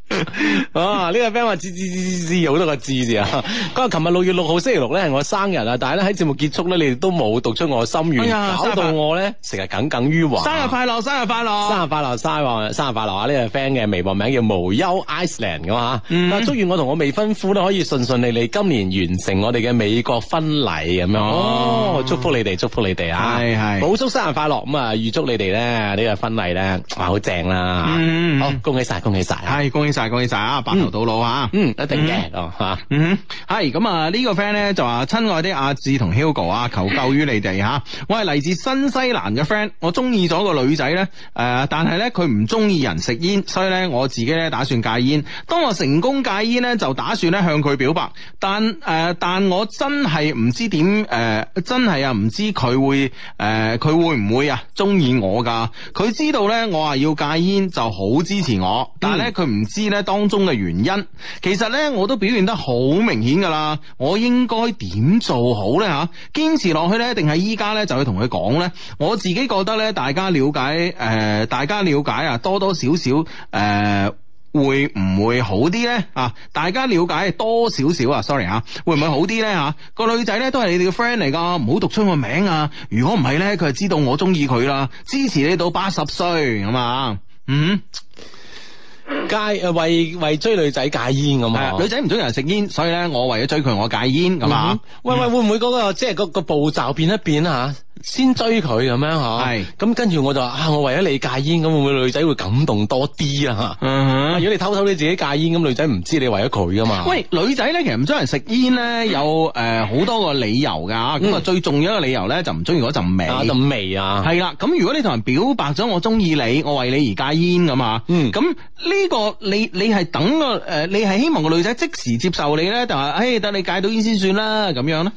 啊！呢、這個 friend 話字字字字字好多個字字啊！嗱，琴日六月六號星期六咧，係呢我生日啊！但係咧喺節目結束咧，你哋都冇讀出我嘅心願，哎、呀搞到我咧成日耿耿於懷。生日快樂，生日快樂，生日快樂，生日快樂啊！呢、這個 friend 嘅微博名叫無憂 Iceland 咁啊！嗱，祝願我同我未婚夫都可以順順利利，今年完成我哋嘅美國婚禮咁樣、啊。哦、oh.，祝福你哋，祝福你哋啊！系係， 補祝生日快樂，咁啊預祝你哋咧呢、這個婚禮咧啊好正啦！啊 mm. 好，恭喜晒，恭喜晒，係，恭喜。rze 文 大恭喜曬啊！白頭到老啊！嗯，一定嘅吓，嗯，係咁、嗯嗯、啊，呢、這個 friend 咧就話親愛的阿志同 Hugo 啊，求救於你哋吓、啊，我係嚟自新西蘭嘅 friend，我中意咗個女仔咧。誒、呃，但係咧佢唔中意人食煙，所以咧我自己咧打算戒煙，當我成功戒煙咧，就打算咧向佢表白。但誒、呃，但我真係唔知點誒、呃、真係啊唔知佢會誒佢、呃、會唔會啊中意我噶，佢知道咧我話要戒煙就好支持我。但係咧佢唔知。咧當中嘅原因，其實呢，我都表現得好明顯噶啦，我應該點做好呢？吓、啊？堅持落去呢，定係依家呢，就去同佢講呢？我自己覺得呢，大家了解誒、呃，大家了解啊，多多少少誒、呃，會唔會好啲呢？啊？大家了解多少少啊？Sorry 啊，會唔會好啲呢？吓、啊？個女仔呢，都係你哋嘅 friend 嚟噶，唔好讀出我名啊！如果唔係呢，佢就知道我中意佢啦，支持你到八十歲咁啊！嗯。戒誒為為追女仔戒煙咁啊，的女仔唔中意人食煙，所以咧我為咗追佢，我戒煙咁啊，喂、嗯、喂會唔會嗰、嗰個即係嗰個步驟變一變啊？吓。先追佢咁樣吓，咁、啊、是跟住我就話啊，我為咗你戒煙，咁會唔會女仔會感動多啲啊？嗯、哼如果你偷偷你自己戒煙，咁女仔唔知你為咗佢噶嘛？喂，女仔咧其實唔中意人食煙咧， 有誒好、呃、多個理由噶。咁、嗯、啊，最重要一個理由咧就唔中意嗰陣味。啊，陣味啊！係啦，咁如果你同人表白咗，我中意你，我為你而戒煙噶嘛？咁呢、嗯這個你你係等個誒、呃，你係希望個女仔即時接受你咧，定係誒等你戒到煙先算啦？咁樣咧？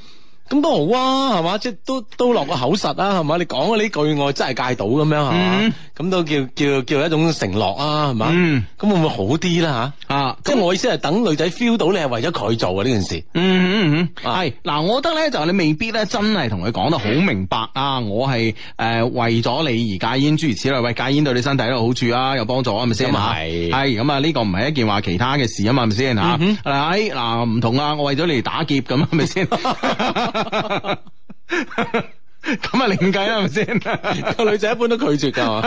咁都好啊，係嘛，即係都都落個口實啊，係嘛，你講嘅呢句我真係戒到咁樣，係嘛、mm，咁、hmm. 都叫叫叫一種承諾啊，係嘛，咁、mm hmm. 會唔會好啲啦吓？啊， 即係我意思係等女仔 feel 到你係為咗佢做啊呢件事嗯。嗯嗯嗯，係嗱，我覺得咧就係你未必咧真係同佢講得好明白啊，我係誒、呃、為咗你而戒煙，諸如此類。喂，戒煙對你身體都有好處啊，有幫助啊，係咪先啊？係 Fake.，係咁啊，呢個唔係一件話其他嘅事啊嘛，係咪先吓？係嗱，唔 professions 同啊，我為咗你而打劫咁，係咪先？咁啊，你唔計啦，係咪先？個女仔一般都拒絕噶，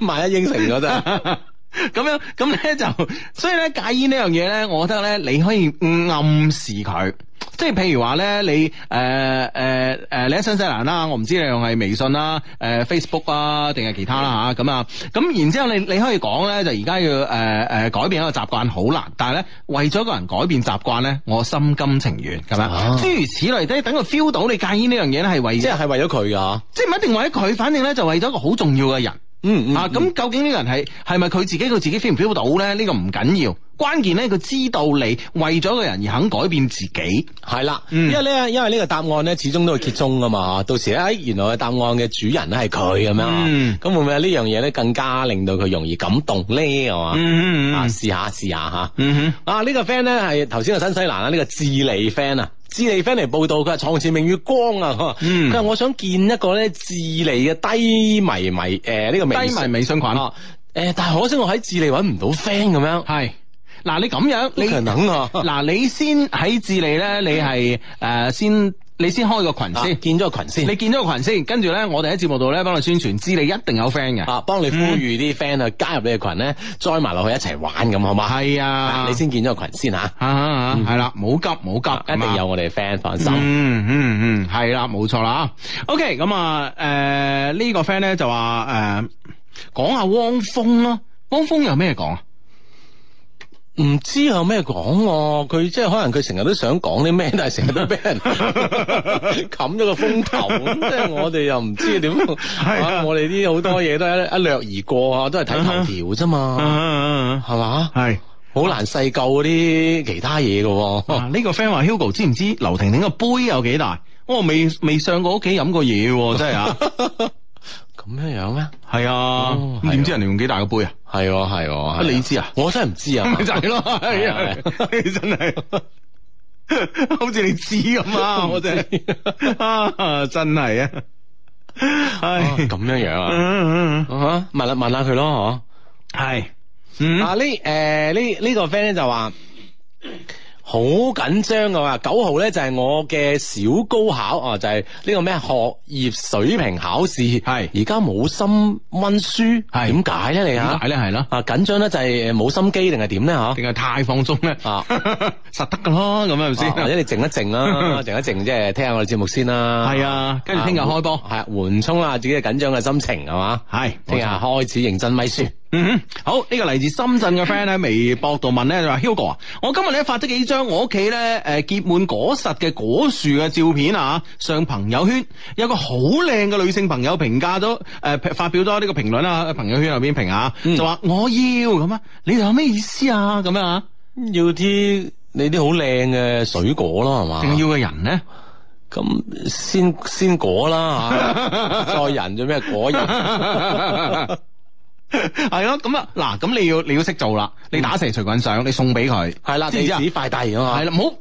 萬 一應承咗啫？ 咁樣咁咧就，所以咧戒煙呢樣嘢咧，我覺得咧你可以暗示佢，即係譬如話咧你誒誒誒，你喺新西蘭啦、啊，我唔知你用係微信啦、啊，誒、呃、Facebook 啊，定係其他啦吓，咁啊，咁然之後你你可以講咧，就而家要誒誒、呃呃、改變一個習慣好難，但係咧為咗一個人改變習慣咧，我心甘情願，係咪？啊，諸如此類，等等佢 feel 到你戒煙呢樣嘢咧係為，即係係為咗佢啊，即係唔一定為咗佢，反正咧就為咗一個好重要嘅人。嗯，嗯啊，咁究竟呢個人係係咪佢自己佢自己 feel 唔 feel 到咧？呢、這個唔緊要，要，關鍵咧佢知道你為咗個人而肯改變自己，係啦了、嗯。因為咧，因為呢個答案咧始終都係揭盅噶嘛，到時咧、欸、原來嘅答案嘅主人咧係佢咁樣，咁、嗯、會唔會呢樣嘢咧更加令到佢容易感動咧？係嘛、嗯，嗯嗯、啊試下試下吓，啊、這個、呢個 friend 咧係頭先個新西蘭啊呢個智利 friend 啊。智利 friend 嚟報道，佢話床前明月光啊，佢話、嗯、我想見一個咧智利嘅低迷迷誒呢、呃這個微低迷微信群、啊，誒、呃、但係可惜我喺智利揾唔到 friend 咁樣。係，嗱你咁樣，okay，你等啊下，嗱你先喺智利咧，你係誒、 呃、先。你先開個群、啊、先，建咗個群先，你建咗個群先，跟住咧，我哋喺節目度咧，幫你宣傳，知你一定有 friend 嘅，啊，幫你呼籲啲 friend 啊，加入你嘅群咧 join 埋落去一齊玩咁，好嘛？係啊，你先建咗個群先吓，係啦，唔好急，冇急，嗯、一定有我哋嘅 friend，放心，嗯嗯嗯，係、嗯、啦，冇、嗯、錯啦，OK，咁、嗯、啊，誒、這個，呢個 friend 咧就話，誒，講下汪峰咯，汪峰有咩講啊？唔知有咩講、啊，佢即係可能佢成日都想講啲咩，但係成日都俾人冚咗 個風頭， 即係我哋又唔知點。係、 啊啊、我哋啲好多嘢都一掠而過啊，都係睇頭條啫嘛，係、啊、嘛？係好吧是難細究嗰啲其他嘢噶、啊。呢、啊這個 friend 話 Hugo 知唔知劉婷婷個杯有幾大？我、哦、未未上過屋企飲過嘢、啊，真係啊！ 咁樣樣咩？係啊，點知人哋用幾大個杯啊？係係，啊你知啊？我真係唔知啊，咪就係咯，係真係，好似你知咁啊！我真係啊，真係啊，係咁樣樣啊？啊，問下問下佢咯，嗬，係，啊呢誒呢呢個 friend 咧就話。好緊張噶嘛，九號咧就係我嘅小高考啊，就係呢個咩學業水平考試係，而家冇心溫書係，點解咧你啊？點解咧係咯？啊緊張咧就係冇心機定係點咧吓？定係太放鬆咧？啊實得噶咯，咁樣咪先，或者你靜一靜啦，靜一靜即係聽下我哋節目先啦。係啊，跟住聽日開波係啊，緩衝下自己緊張嘅心情係嘛？係聽日開始認真咪書。嗯哼，好！呢、這個嚟自深圳嘅 friend 喺微博度問咧就話，Hugo 啊，go, 我今日咧發咗幾張我屋企咧誒結滿果實嘅果樹嘅照片啊，上朋友圈有個好靚嘅女性朋友評價咗誒、呃、發表咗呢個評論啊。喺朋友圈入邊評下，嗯、就話我要咁啊，你哋有咩意思啊？咁啊，要啲你啲好靚嘅水果咯，係嘛果？定係要嘅人咧？咁先先果啦吓， 再人做咩果人？ 係咯，咁啊， 嗱，咁你要你要識做啦，你打蛇隨棍上，你送俾佢，係啦、嗯，地指快遞啊嘛，係啦，唔好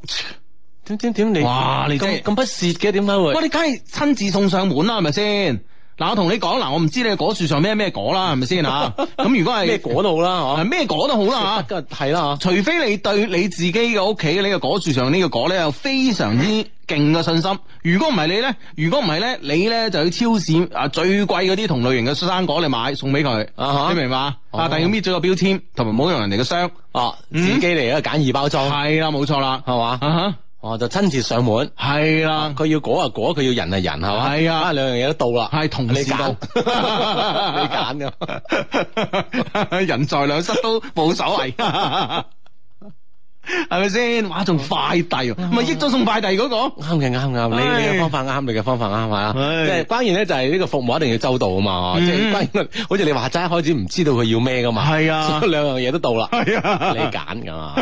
點點點你，哇，你真咁不屑嘅，點解會？喂，你梗係親自送上門啦，係咪先？嗱，我同你講，嗱，我唔知你嘅果樹上咩咩果啦，係咪先吓？咁如果係咩果都好啦，哦，咩果都好啦吓，咁係啦，除非你對你自己嘅屋企，你嘅果樹上呢個果咧，有非常之勁嘅信心。如果唔係你咧，如果唔係咧，你咧就去超市啊最貴嗰啲同類型嘅生果嚟買送俾佢，uh huh. 你明嘛？啊、uh，huh. 但要搣咗個標籤，同埋唔好用人哋嘅箱，哦、uh，huh. 自己嚟一個簡易包裝。係啦，冇錯啦，係嘛、uh？Huh. 哦，就親自上門，係啦、啊，佢要果啊果，佢要人啊人，係嘛？係啊， 兩樣嘢都到啦，係 同時到， 你揀選㗎的， 人在兩失都冇所謂。 係咪先？哇，仲快遞啊，咪益咗送快遞嗰個？啱嘅，啱嘅，你你嘅方法啱，你嘅方法啱嘛？係，即係，關鍵咧就係呢個服務一定要周到啊嘛！即係關鍵，好似你話齋，一開始唔知道佢要咩噶嘛？係啊，兩樣嘢都到啦，係啊，你揀噶嘛？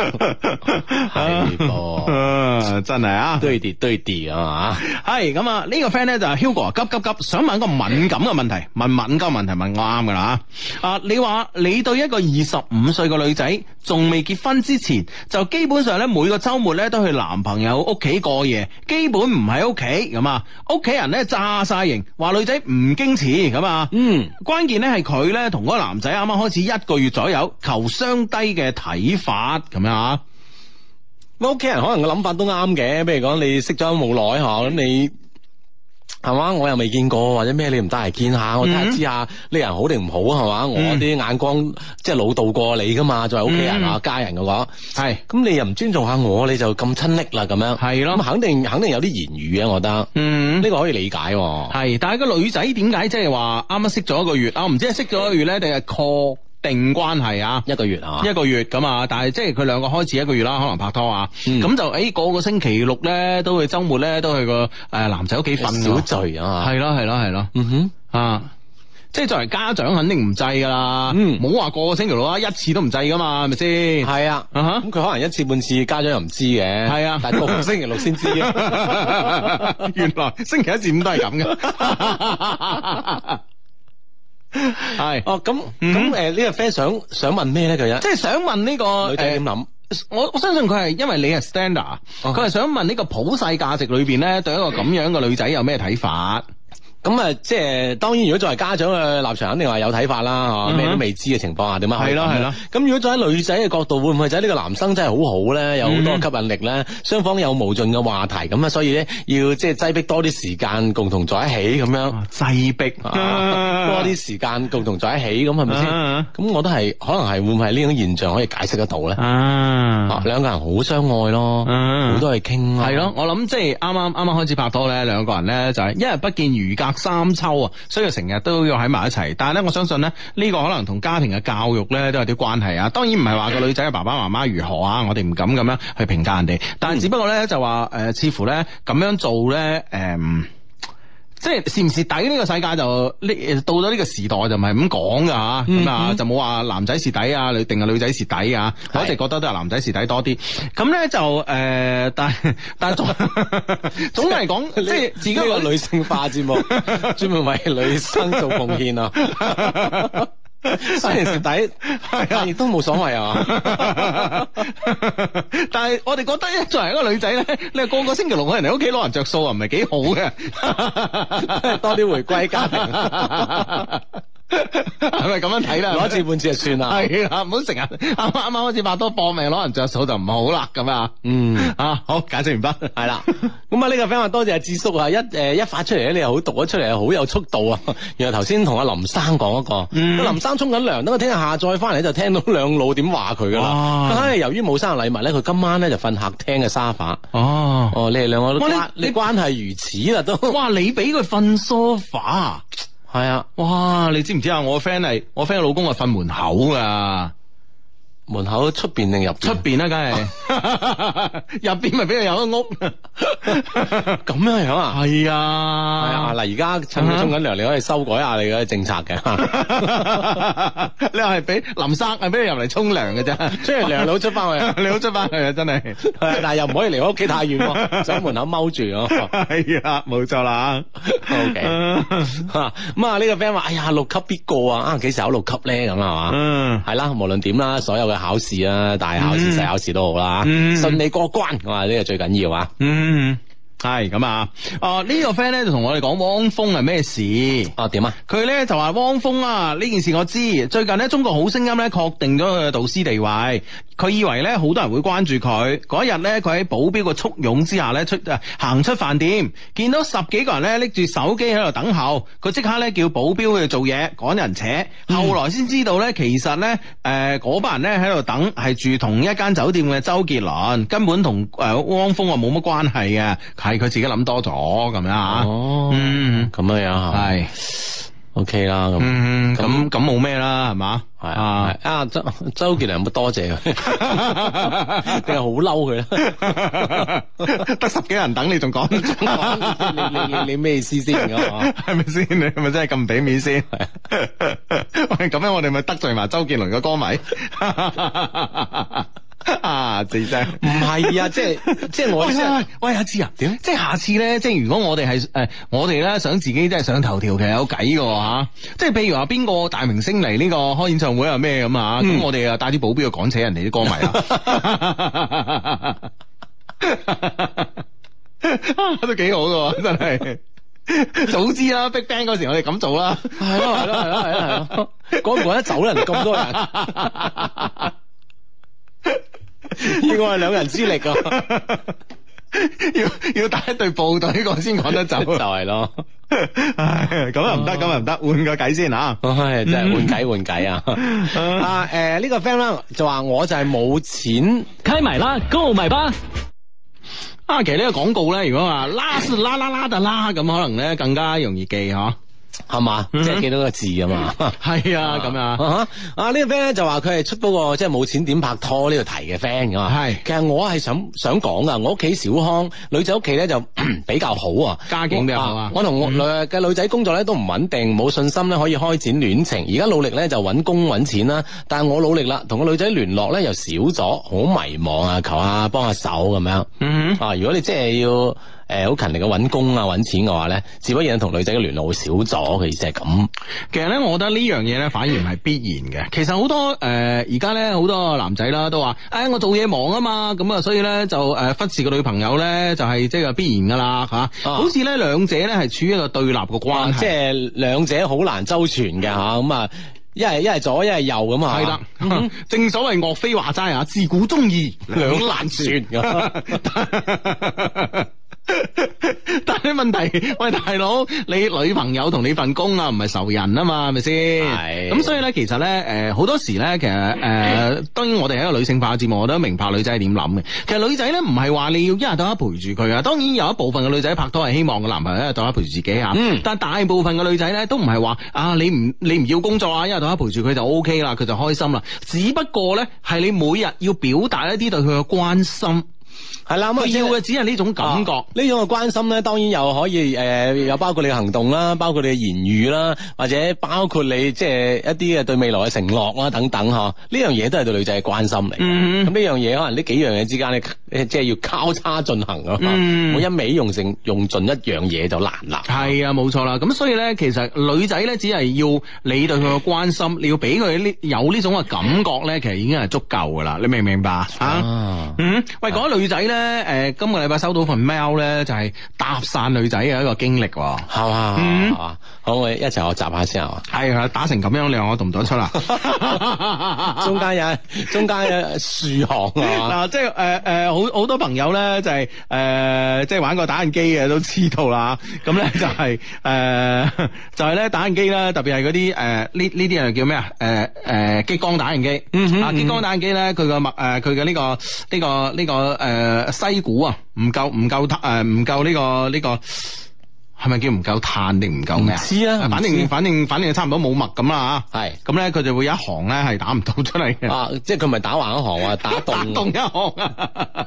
係咯，真係啊，堆疊堆疊啊嘛！係咁啊，呢個 friend 咧就係 Hugo，急急急，想問個敏感嘅問題，問敏感問題問啱噶啦啊，你話你對一個二十五歲嘅女仔，仲未結婚之前就。基本上咧，每個周末咧都去男朋友屋企過夜，基本唔喺屋企咁啊。屋企人咧揸晒型，話女仔唔矜持咁啊。嗯，關鍵咧係佢咧同嗰個男仔啱啱開始一個月左右求，求相低嘅睇法咁樣啊。屋企、嗯、人可能嘅諗法都啱嘅，譬如講你識咗冇耐嗬，咁你。係嘛？我又未見過，或者咩你唔帶嚟見下，嗯、我睇下知下你人好定唔好係嘛？嗯、我啲眼光即係老道過你噶嘛？作為屋企人啊，家人嘅、嗯、話係，咁是你又唔尊重下我，你就咁親昵啦咁樣。係咯的，咁肯定肯定有啲言語啊，我覺得。嗯，呢個可以理解、啊。係，但係個女仔點解即係話啱啱識咗一個月啊？唔知係識咗一個月咧，定係 call？定關係啊，一個月啊，一個月咁啊，但係即係佢兩個開始一個月啦，可能拍拖啊，咁就誒個個星期六咧，都會周末咧，都去個誒男仔屋企瞓小聚啊，係咯係咯係咯，嗯哼啊，即係作為家長肯定唔制噶啦，唔好話個個星期六啊一次都唔制噶嘛係咪先？係啊，咁佢可能一次半次家長又唔知嘅，係啊，但係個個星期六先知嘅，原來星期一至五都係咁嘅。係， 哦咁咁誒，呢、嗯、哼個 friend 想想問咩咧？佢即係想問呢、呢個女仔點諗？我、呃、我相信佢係因為你係 stander，佢係想問呢個普世價值裏邊咧，對一個咁樣嘅女仔有咩睇法？咁啊，即係當然，如果作為家長嘅立場，肯定話有睇法啦，咩、哦、都未知嘅情況下點啊？係咯係咯，咁如果作喺女仔嘅角度，會唔會就係呢個男生真係好好咧，有好多吸引力咧，雙、嗯、方有無盡嘅話題，咁啊，所以咧要即係擠逼多啲時間共同在一起咁樣，擠逼迫啊，多啲時間共同在一起咁係咪先？咁、啊啊、我都係，可能係會唔係呢種現象可以解釋得到咧？啊，兩、啊、個人好相愛咯，好、啊、多嘢傾咯。係咯、啊，我諗即係啱啱啱啱開始拍拖咧，兩個人咧就係、是、一日不見如隔。三秋啊，所以成日都要喺埋一齊。但係咧，我相信咧呢個可能同家庭嘅教育咧都有啲關係啊。當然唔係話個女仔嘅爸爸媽媽如何啊，我哋唔敢咁樣去評價人哋。但係只不過咧就話誒、呃，似乎咧咁樣做咧誒。呃即係蝕唔蝕底呢、呢個世界就呢到咗呢個時代就唔係咁講㗎嚇，咁啊、嗯嗯、就冇話男仔蝕底啊，女定係女仔蝕，蝕底啊？是我一直覺得都係男仔蝕底多啲。咁咧是就誒、呃，但係但係總 總係講即係自己個女性化節目， 專門為女生做貢獻啊！ 雖然蝕底，係啊，亦都冇所謂啊！但係我哋覺得咧，作為一個女仔咧，你係個個星期六去人哋屋企攞人着數啊，唔係幾好嘅。 多啲回歸家庭。 係咪咁樣睇啦？攞一次半次就算啦。係啦， 唔好成日啱啱啱開始拍拖搏命，攞人着數就唔好啦。咁啊，嗯啊，啊，啊，啊，啊，啊，好，解釋完啦。係 啦，咁啊，呢個 friend 話多謝阿智叔啊，一誒一發出嚟咧，你又好讀咗出嚟，好有速度啊。原來頭先同阿林生講一、嗰個，阿、嗯、林生沖緊涼，等我聽下再翻嚟就聽到兩老點話佢噶啦。哇他他由於冇生日禮物咧，佢今晚咧就瞓客廳嘅沙發。哦哇，哦，你哋兩個關，你關係如此啦都。哇，你俾佢瞓梳化？你係啊，哇！你知唔知啊？我個 friend 係，我 friend 老公啊瞓門口噶。門口出邊定入出邊啦，梗係入邊咪俾佢有間屋咁樣樣啊？係啊，係啊，嗱，而家趁佢沖緊涼，你可以修改下你嘅政策嘅。你話係俾林生，係俾佢入嚟沖涼嘅啫，即係涼佬出翻去，你好出翻去啊！真係，但係又唔可以離我屋企太遠，喺門口踎住哦。係啊，冇錯啦。O K，吓咁啊，呢個 friend 話：哎呀，六級必過啊！啊，幾時有六級咧？咁係嘛，嗯，係啦，無論點啦，所有嘅。考試啊，大考試、細考試都好啦，順、嗯、利過關，咁話呢個最緊要啊、嗯。嗯，係咁啊。哦、呃，呢、這個 friend 咧就同我哋講汪峰係咩事？啊？點啊？佢咧就話汪峰啊，呢件事我知。最近咧《中國好聲音》咧確定咗佢嘅導師地位。佢以為咧好多人會關注佢。嗰日咧，佢喺保鏢個簇擁之下咧出、啊、行出飯店，見到十幾個人咧拎住手機喺度等候，佢即刻咧叫保鏢去做嘢趕人扯，後來先知道咧其實咧誒嗰班人咧喺度等係住同一間酒店嘅周杰倫，根本同誒、呃、汪峰啊冇乜關係嘅，係佢自己諗多咗咁樣啊，哦、嗯咁樣樣係。O K 啦，咁咁咁冇咩啦，係 嘛？係啊，啊周周杰倫，咪 多謝佢定係好嬲佢咧？得十幾人等你， 你， 你，仲講你你你咩意思先？係咪先？你係咪真係咁唔俾面先？喂，咁 樣我哋咪得罪埋周杰倫嘅歌迷？ 啊！正仔，唔 係啊，即係即係我。 喂，阿志啊，點、啊？即係下次咧，即係如果我哋係誒，uh, 我哋咧想自己即係上頭條嘅有計嘅吓。即係譬如話邊個大明星嚟呢個開演唱會啊咩咁啊？咁我哋啊帶啲保鏢去趕扯人哋啲歌迷啦，都幾好嘅，真係。 早知啦，Big Bang 嗰時我哋咁做啦，係咯係咯係咯係咯，趕唔趕得走咧？人哋咁 多人。 要我係兩人之力啊 要，要要打一隊部隊我先講得走， 就係咯。唉，咁又唔得，咁又唔得，換個計先吓、啊。唉，真係換計換計啊！啊、呃，誒，呢個 friend 啦就話我就係冇錢，雞迷啦，高迷吧。啊，其實個廣呢個廣告咧，如果話拉啦啦啦的啦，咁可能咧更加容易記嗬。係嘛，即係幾多個字啊嘛，係 啊咁啊，啊，啊呢、這個 friend 咧就話佢係出嗰、那個即係冇錢點拍拖呢個題嘅 friend 咁嘛。係， 其實我係想想講啊，我屋企小康，女仔屋企咧就 比較好啊，家境比較好啊，我同、啊、女嘅女仔工作咧都唔穩定，冇 信心咧可以開展戀情，而家努力咧就揾工揾錢啦，但係我努力啦，同個女仔聯絡咧又少咗，好迷茫啊，求下幫下手咁樣， 啊如果你即係要。誒，好、呃、勤力嘅揾工啊，揾錢嘅話咧，只不過同女仔嘅聯絡會少咗，其實咁。其實咧，我覺得呢樣嘢咧，反而係必然嘅。 其實好多誒，而家咧好多男仔啦，都話誒，我做嘢忙啊嘛，咁啊，所以咧就誒、呃、忽視個女朋友咧，就係即係必然噶啦吓。啊啊、好似咧兩者咧係處於一個對立嘅關係、嗯，即係兩者好難周全嘅吓。咁啊，一係一係左，一係右咁啊。係啦、嗯，正所謂岳飛話齋啊，自古忠義兩難全噶。 但係問題，喂大佬，你女朋友同你份工啊，唔係仇人啊嘛，係咪先？係是。咁所以咧，其實咧，誒、呃，好多時咧，其實誒，呃、是當然我哋係一個女性化嘅節目，我都明白女仔係點諗嘅。其實女仔咧，唔係話你要一日到黑陪住佢啊。當然有一部分嘅女仔拍拖係希望個男朋友一日到黑陪住自己啊，嗯。但大部分嘅女仔咧，都唔係話啊，你唔你唔要工作啊，一日到黑陪住佢就 OK 啦，佢就開心啦。只不過咧，係你每日要表達一啲對佢嘅關心。係啦，我、啊、要嘅只係呢種感覺，呢、啊、種嘅關心咧，當然又可以誒，有包括你嘅行動啦，包括你嘅言語啦，或者包括你即係一啲誒對未來嘅承諾啦等等吓，呢樣嘢都係對女仔嘅關心嚟。嘅、嗯。咁呢樣嘢可能呢幾樣嘢之間咧，即係要交叉進行、嗯、啊嘛。我一味用剩用盡一樣嘢就難、啊、啦。係啊，冇錯啦。咁所以咧，其實女仔咧，只係要你對佢嘅關心，嗯、你要俾佢呢有呢種嘅感覺咧，其實已經係足夠噶啦。你明唔明白啊？嗯，喂，講女。女仔咧，誒、呃、今個禮拜收到份 mail 咧，就係搭訕女仔嘅一個經歷，係係嘛？嗯，好，我一齊學習下先啊？係啊，打成咁樣樣，你我讀唔到出啦。 中間有，中間有豎行啊！嗱， 即係誒誒，好好多朋友咧，就係、是、誒、呃，即係玩過打印機嘅都知道啦。咁咧就係、是、誒、呃，就係、是、咧打印機咧，特別係嗰啲誒呢呢啲人叫咩啊？誒、呃、誒，激光打印機。 啊，激光打印機咧，佢個麥誒，佢嘅呢個呢個呢個誒，硒鼓啊，唔夠唔夠誒，唔夠呢個呢個。這個這個呃係咪叫唔夠碳定唔夠咩啊？反正反正反正差唔多冇墨咁啦嚇。係是，咁咧佢就會一行咧係打唔到出嚟嘅。啊，即係佢咪打橫一行啊，打洞、啊。打洞一行啊！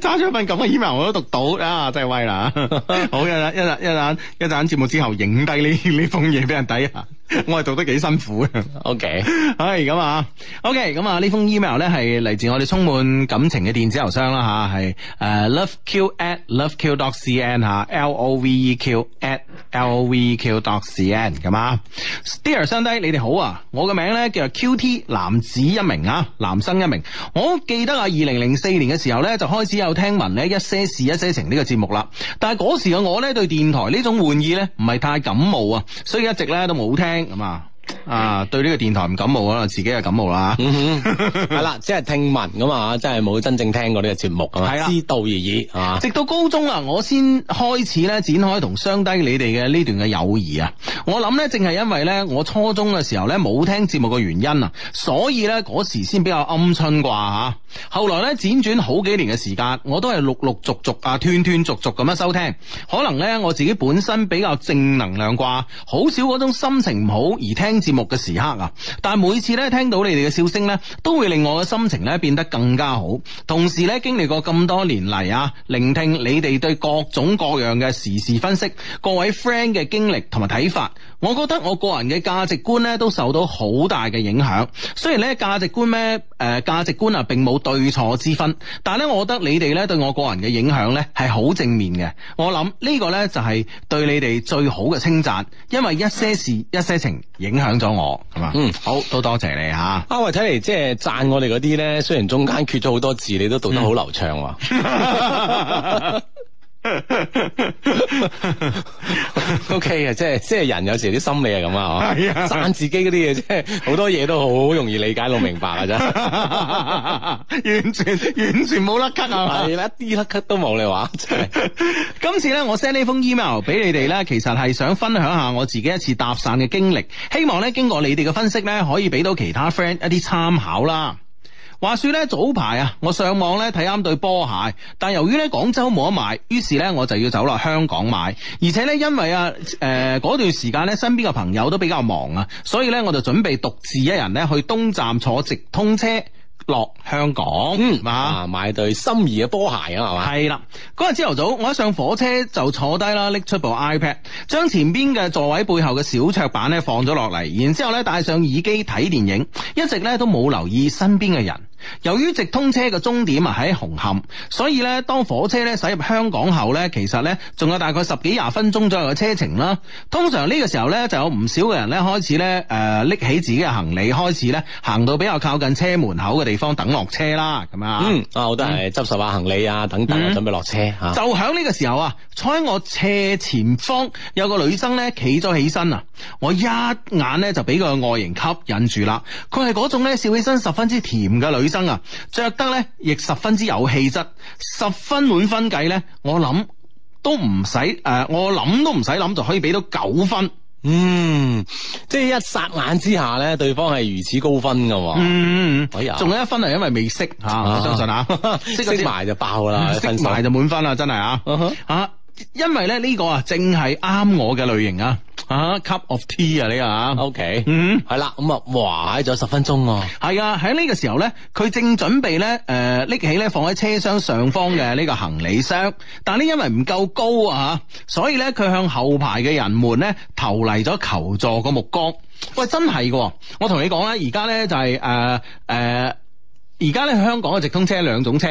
揸住份咁嘅 email 我都讀到啊，真係威啦！ 好一陣一陣一陣一陣間節目之後影低呢呢封嘢俾人睇下。我係做得幾辛苦嘅。O K，係咁啊。O K，咁啊呢封 email 咧係嚟自我哋充滿感情嘅電子郵箱啦嚇，係誒 loveq at loveq dot cn 嚇，L O V E Q at L O V E Q dot cn 咁啊。Dear 雙低，你哋好啊！我嘅名咧叫做 QT 男子一名啊，男生一名。我記得啊，二零零四年嘅時候咧，就開始有聽聞咧一些事一些情呢個節目啦。但係嗰時嘅我咧對電台呢種玩意咧唔係太感冒啊，所以一直咧都冇聽。咁啊。啊，對呢個電台唔感冒啊，自己係感冒啦，係啦、嗯哼，即係、 就是、聽聞㗎嘛，即係冇真正聽過呢個節目咁，的知道而已啊。直到高中啊，我先開始咧展開同雙低你哋嘅呢段嘅友誼啊。我諗呢，正係因為呢，我初中嘅時候呢，冇聽節目嘅原因啊，所以呢，嗰時先比較鵪鶉啩吓。後來咧輾轉好幾年嘅時間，我都係陸陸續續啊，斷斷續續咁樣收聽。可能呢，我自己本身比較正能量啩，好少嗰種心情唔好而聽。節目嘅時刻啊，但係每次咧聽到你哋嘅笑聲咧，都會令我嘅心情咧變得更加好。同時咧，經歷過咁多年嚟啊，聆聽你哋對各種各樣嘅時事分析，各位 friend 嘅經歷同埋睇法。我覺得我個人嘅價值觀咧都受到好大嘅影響，雖然咧價值觀咧誒價值觀啊並冇對錯之分，但係咧我覺得你哋咧對我個人嘅影響咧係好正面嘅，我諗呢個咧就係對你哋最好嘅稱讚，因為一些事一些情影響咗我，係嘛？嗯，好，都多謝你吓。啊，喂，睇嚟即係讚我哋嗰啲咧，雖然中間缺咗好多字，你都讀得好流暢。 O K 啊，即係即係人有時啲心理係咁 啊，嗬！散自己嗰啲嘢，即係好多嘢都好容易理解到明白噶啫， 完全完全冇甩咳，啊！係啦，一啲甩咳都冇你話， 今次咧，我 send 呢封 email 俾你哋咧，其實係想分享下我自己一次搭訕嘅經歷，希望咧經過你哋嘅分析咧，可以俾到其他 friend 一啲參考啦。話説咧，早排啊，我上網咧睇啱對波鞋，但由於咧廣州冇得買，於是咧我就要走落香港買。而且咧，因為啊，誒、呃、嗰段時間咧，身邊嘅朋友都比較忙啊，所以咧我就準備獨自一人咧去東站坐直通車落香港。嗯，啊，買對心儀嘅波鞋啊，係嘛、嗯？係啦，嗰日朝頭早，我一上火車就坐低啦，拎出部 iPad，將前邊嘅座位背後嘅小桌板咧放咗落嚟，然之後咧戴上耳機睇電影，一直咧都冇留意身邊嘅人。由於直通車嘅終點啊喺紅磡，所以咧當火車咧駛入香港後咧，其實咧仲有大概十幾廿分鐘左右嘅車程啦。通常呢個時候咧就有唔少嘅人咧開始咧誒拎起自己嘅行李，開始咧行到比較靠近車門口嘅地方等落車啦，咁啊，嗯啊，嗯我都係執拾下行李啊，等等家、嗯、準備落車吓。就喺呢個時候啊，坐喺我斜前方有個女生咧企咗起身啊，我一眼咧就俾個外形吸引住啦。佢係嗰種咧笑起身十分之甜嘅女生。真啊，着得咧亦十分之有氣質，十分滿分計咧，我諗都唔使誒，我諗都唔使諗就可以俾到九分，嗯，即係一霎眼之下咧，對方係如此高分㗎，嗯，可以啊，仲有一分係因為未識吓，相、啊、信吓，啊、 識識埋就爆啦，識埋就滿分啦，真係啊，吓。啊因為咧呢個啊正係啱我嘅類型啊，啊 cup of tea 啊你啊，O K，嗯係啦，咁啊、嗯，哇，壞咗十分鐘哦，係啊，喺呢個時候呢，佢正準備呢，誒、呃、拎起呢，放喺車廂上方嘅呢個行李箱，但係因為唔夠高啊，所以呢，佢向後排嘅人們呢，投嚟咗求助個目光。喂，真係嘅，我同你講咧，而家呢，就係誒誒。呃而家咧，香港嘅直通車，兩種車，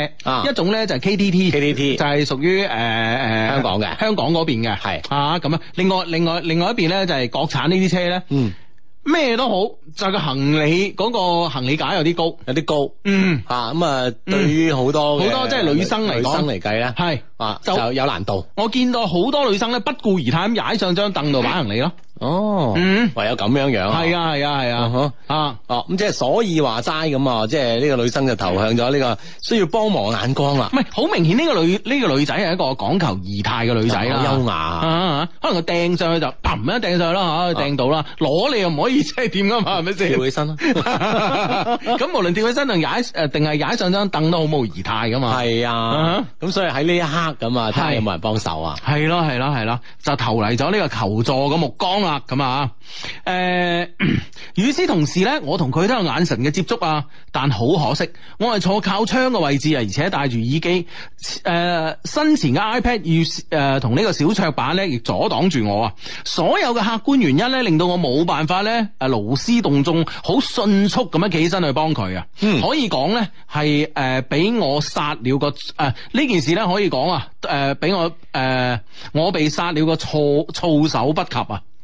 一種咧就係 K T T，K T T 就係屬於誒誒香港嘅，香港嗰邊嘅係嚇咁啊。另外另外另外一邊咧就係國產呢啲車咧，咩都好，就係個行李嗰個行李架有啲高，有啲高，嚇咁啊。對於好多好多即係女生嚟講嚟計咧，係啊，就有難度。我見到好多女生咧，不顧儀態咁踩上張凳度擺行李咯。哦，唯有咁樣樣，係啊係啊係啊，啊，哦，咁即係所以話齋咁啊，即係呢個女生就投向咗呢個需要幫忙眼光啦。唔係，好明顯呢個女呢個女仔係一個講求儀態嘅女仔啦，優雅可能佢掟上去就砰咁樣掟上去啦，吓掟到啦，攞你又唔可以即係點噶嘛，係咪先？起身咯，咁無論跳起身定係踩誒，定係踩上張凳都好冇儀態噶嘛。係啊，咁所以喺呢一刻咁啊，睇下有冇人幫手啊。係咯係咯係咯，就投嚟咗呢個求助嘅目光啊！咁啊，誒、呃，與此同時咧，我同佢都有眼神嘅接觸啊，但好可惜，我係坐靠窗嘅位置啊，而且戴住耳機，誒、呃，身前嘅 iPad 與誒同、呃、呢個小桌板咧，亦阻擋住我啊。所有嘅客觀原因咧，令到我冇辦法咧，誒，勞師動眾，好迅速咁樣起身去幫佢啊。嗯可、呃呃，可以講咧，係誒俾我殺了個誒呢件事咧，可以講啊，誒、呃、俾我誒、呃、我被殺了個措措手不及啊。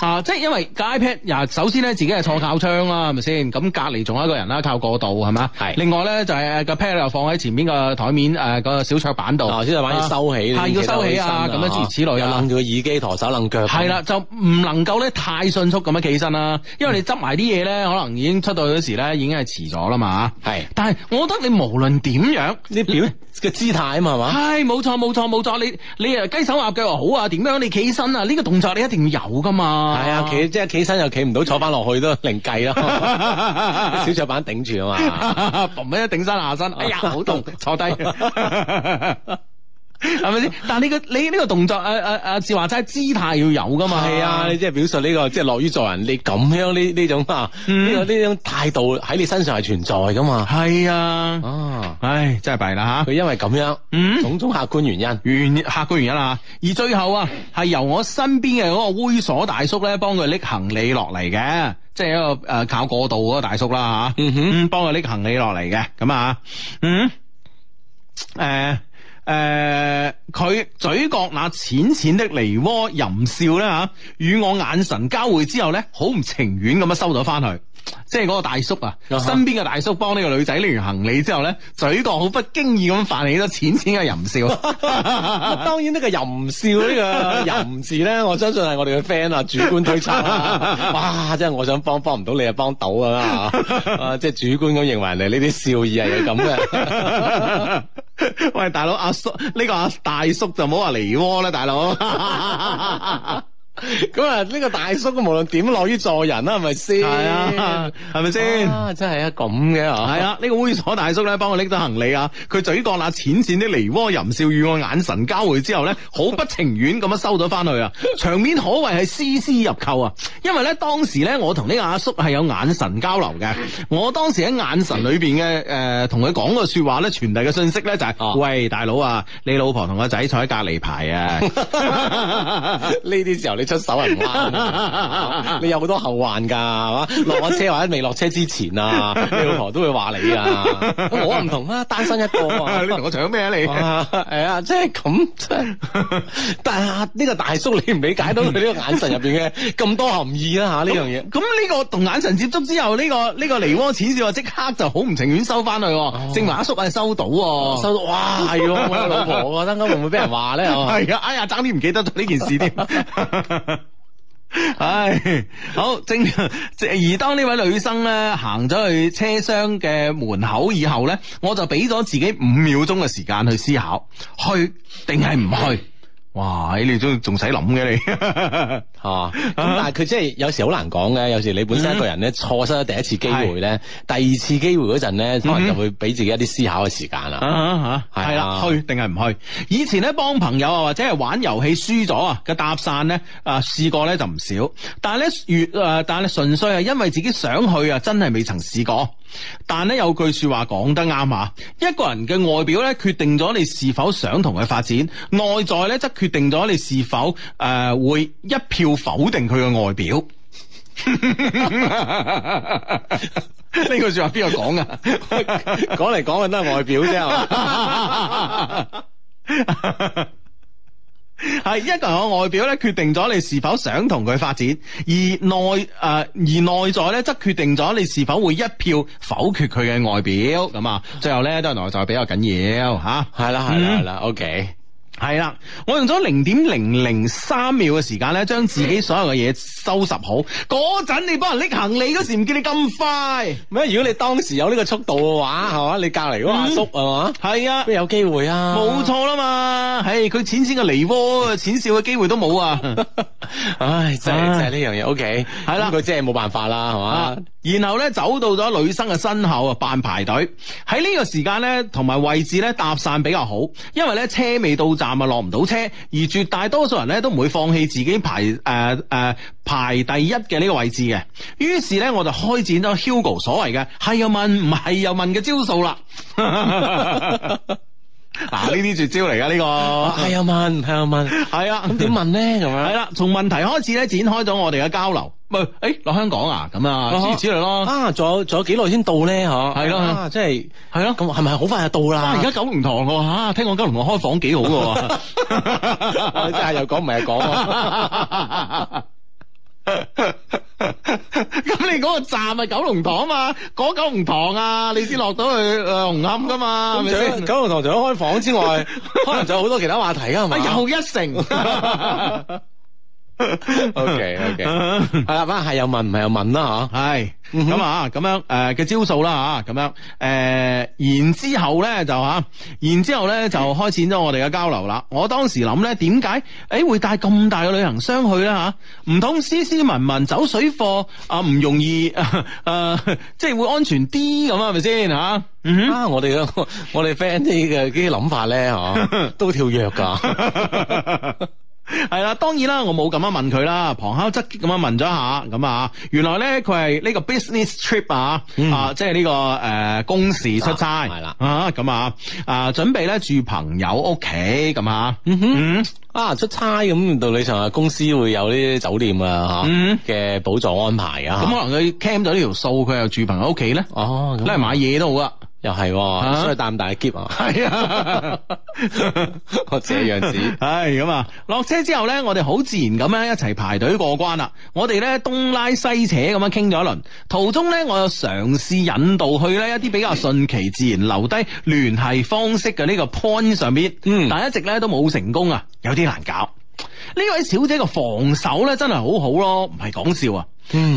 啊，即係因為街 pad 又首先咧自己係坐靠窗啦，係咪先？咁隔籬仲有一個人啦，靠過道係嘛？係。另外咧就係個 pad 又放喺前面個台面誒個小桌板度，頭先就把住收起，係要收起啊！咁樣諸如此類又掹住個耳機，抬手掹腳。係啦，就唔能夠咧太迅速咁樣起身啦，因為你執埋啲嘢咧，可能已經出到去嗰時咧已經係遲咗啦嘛。係。但係我覺得你無論點樣，你表嘅姿態啊嘛，係嘛？係，冇錯冇錯冇錯，你你啊雞手鴨腳又好啊，點樣你起身啊？呢個動作你一定要有噶嘛。係啊，企、啊、即係起身又企唔到，坐翻落去都零計咯， 小桌板頂住啊嘛，嘣一聲頂身下身，哎呀，好痛， 坐低下。 係咪先？但係你個你呢個動作啊啊啊！子華仔姿態要有噶嘛？係啊，你即係表述呢個即係樂於助人，你咁樣呢呢種啊呢呢種態度喺你身上係存在噶嘛？係啊，啊，唉，真係弊啦吓！佢因為咁樣，嗯，種種客觀原因，原客觀原因啦而最後啊，係由我身邊嘅嗰個猥瑣大叔咧，幫佢拎行李落嚟嘅，即係一個誒、呃、靠過渡嗰個大叔啦吓、啊嗯哼啊。嗯哼，幫佢拎行李落嚟嘅咁啊，嗯、呃，誒。誒，佢、呃、嘴角那淺淺的梨渦淫笑咧吓，與我眼神交匯之後咧，好唔情願咁樣收到翻去。即係嗰個大叔啊，啊身邊嘅大叔幫呢個女仔拎完行李之後咧，嘴角好不經意咁泛起咗淺淺嘅淫笑。 當然呢個淫笑呢個淫字咧， 我相信係我哋嘅 friend 啊，主觀推測、啊。 哇，真係我想幫幫唔到你幫啊，幫 到啊，即係主觀咁認為人哋呢啲笑意係咁嘅。 喂，大佬阿叔，呢、啊這個阿大叔就唔好話梨窩啦，大佬。 咁啊！呢個大叔無論點樂於助人啊，係咪先？係啊，係咪先？真係 啊，咁嘅啊，係啊！呢個猥瑣大叔咧，幫我拎咗行李啊！佢嘴角嗱淺淺啲梨渦，淫笑與我眼神交匯之後咧，好不情願咁樣收咗翻去啊！場面可謂係絲絲入扣啊！因為咧，當時咧，我同呢個阿叔係有眼神交流嘅。我當時喺眼神裏邊嘅誒，同佢講個說話咧，傳遞嘅信息咧、就是，就係、哦、喂，大佬啊，你老婆同個仔坐喺隔籬排啊！呢 啲 時候你出手人唔啱， 你有好多後患㗎，係嘛？落咗車或者未落車之前啊， 你老婆都會話你啊。我唔同啊，單身一個同、啊、 我搶咩啊？你係啊，即係咁，但係呢個大叔你唔理解到佢呢個眼神入邊嘅咁多含義啦、啊、嚇。呢樣嘢咁呢個同眼神接觸之後，呢個呢個尼鍋錢就即刻就好唔情願收翻佢，證明阿叔係收到，收到哇係喎！老婆，我啱啱會唔會俾人話咧？係啊！哎呀，爭啲唔記得呢件事添。 唉，好正。而當呢位女生咧，行咗去車廂嘅門口以後咧，我就俾咗自己五秒鐘嘅時間去思考，去定係唔去。哇！你都仲使諗嘅你，係 咁、啊、但係佢即係有時好難講嘅，有時你本身一個人咧錯失咗第一次機會咧，嗯、哼第二次機會嗰陣咧，嗯、哼可能就會俾自己一啲思考嘅時間啦。吓係啦，的去定係唔去？以前咧幫朋友啊，或者係玩遊戲輸咗啊嘅搭訕咧，誒試過咧就唔少。但係咧越誒，但係純粹係因為自己想去啊，真係未曾試過。但係咧有句話說話講得啱啊！一個人嘅外表咧，決定咗你是否想同佢發展，內在咧則。決定咗你是否誒、呃、會一票否定佢嘅外表，呢句說話邊個講噶講嚟講去都係外表啫， 係係一個人嘅外表咧，決定咗你是否想同佢發展；而內誒、呃、而內在咧，則決定咗你是否會一票否決佢嘅外表。咁啊，最後咧都係內在比較緊要吓，係啦係啦係啦，OK。係啦，我用咗零點零零三秒嘅時間咧，將自己所有嘅嘢收拾好。嗰陣你幫人拎行李嗰時，唔見你咁快咩？如果你當時有呢個速度嘅話，係嘛、嗯？吧你隔籬個阿叔係嘛？係啊，邊有機會啊？冇錯啦嘛，唉、哎，佢淺淺嘅梨窩，淺笑嘅機會都冇啊！唉、 哎，真係真係呢樣嘢，O K，係啦，佢真係冇辦法啦，係嘛？啊、然後咧走到咗女生嘅身後啊，扮排隊。喺呢個時間咧，同埋位置咧，搭訕比較好，因為咧車未到站。係咪落唔到車？而絕大多數人咧都唔會放棄自己排誒誒、呃呃、排第一嘅呢個位置嘅。於是咧，我就開展咗 Hugo 所謂嘅係又問，唔係又問嘅招數啦。 嗱，呢啲絕招嚟噶呢個，係啊問，係啊問，係啊，咁點問咧咁樣？係啦，從問題開始咧展開咗我哋嘅交流。唔，誒，落香港啊，咁啊，諸如此類咯。啊，仲有仲有幾耐先到咧？嗬，係咯，即真係，係咯，咁係咪好快就到啦？而家九龍塘嘅吓，聽講九龍塘開房幾好嘅，即係又講唔係講。咁 你嗰個站係九龍塘啊嘛，嗰 九龍塘啊，你先落到去、呃、紅磡噶嘛，係咪、啊、九龍塘除咗開房之外， 可能仲有好多其他話題噶嘛、 啊、又一城。 O K O K，係啦，反正係又問，唔係又問啦吓，係咁啊，咁樣誒、啊、嘅、呃、招數啦吓，咁樣誒、呃，然之後咧就吓、啊，然之後咧就開始咗我哋嘅交流啦。我當時諗咧，點解誒會帶咁大嘅旅行箱去咧吓？唔通斯斯文文走水貨啊？唔容易誒、啊啊，即係會安全啲咁啊？係咪先吓？啊， 啊我哋嘅我哋 friend 啲嘅啲諗法咧吓、啊，都跳躍噶。 係啦，當然啦，我冇咁樣問佢啦，旁敲側擊咁樣問咗一下咁啊，原來咧佢係呢個 business trip 啊、嗯，啊，即係呢、這個誒、呃、公事出差係啦啊咁啊，啊準備咧住朋友屋企咁啊，嗯哼，啊出差咁道理上啊公司會有呢啲酒店啊吓，嘅補助安排、嗯、哼啊，咁、嗯、可能佢 cam 咗呢條數，佢又住朋友屋企咧，哦，拉埋買嘢都好啊。又係，所以大唔大嘅 g 啊？係啊，我這樣子係咁 啊。落車之後呢，我哋好自然咁樣一齊排隊過關啦。我哋呢，東拉西扯咁樣傾咗一輪，途中呢，我又嘗試引導去呢一啲比較順其自然留低聯繫方式嘅呢個 point 上面，嗯、但一直呢都冇成功啊，有啲難搞。呢位小姐嘅防守呢，真係好好咯，唔係講笑啊！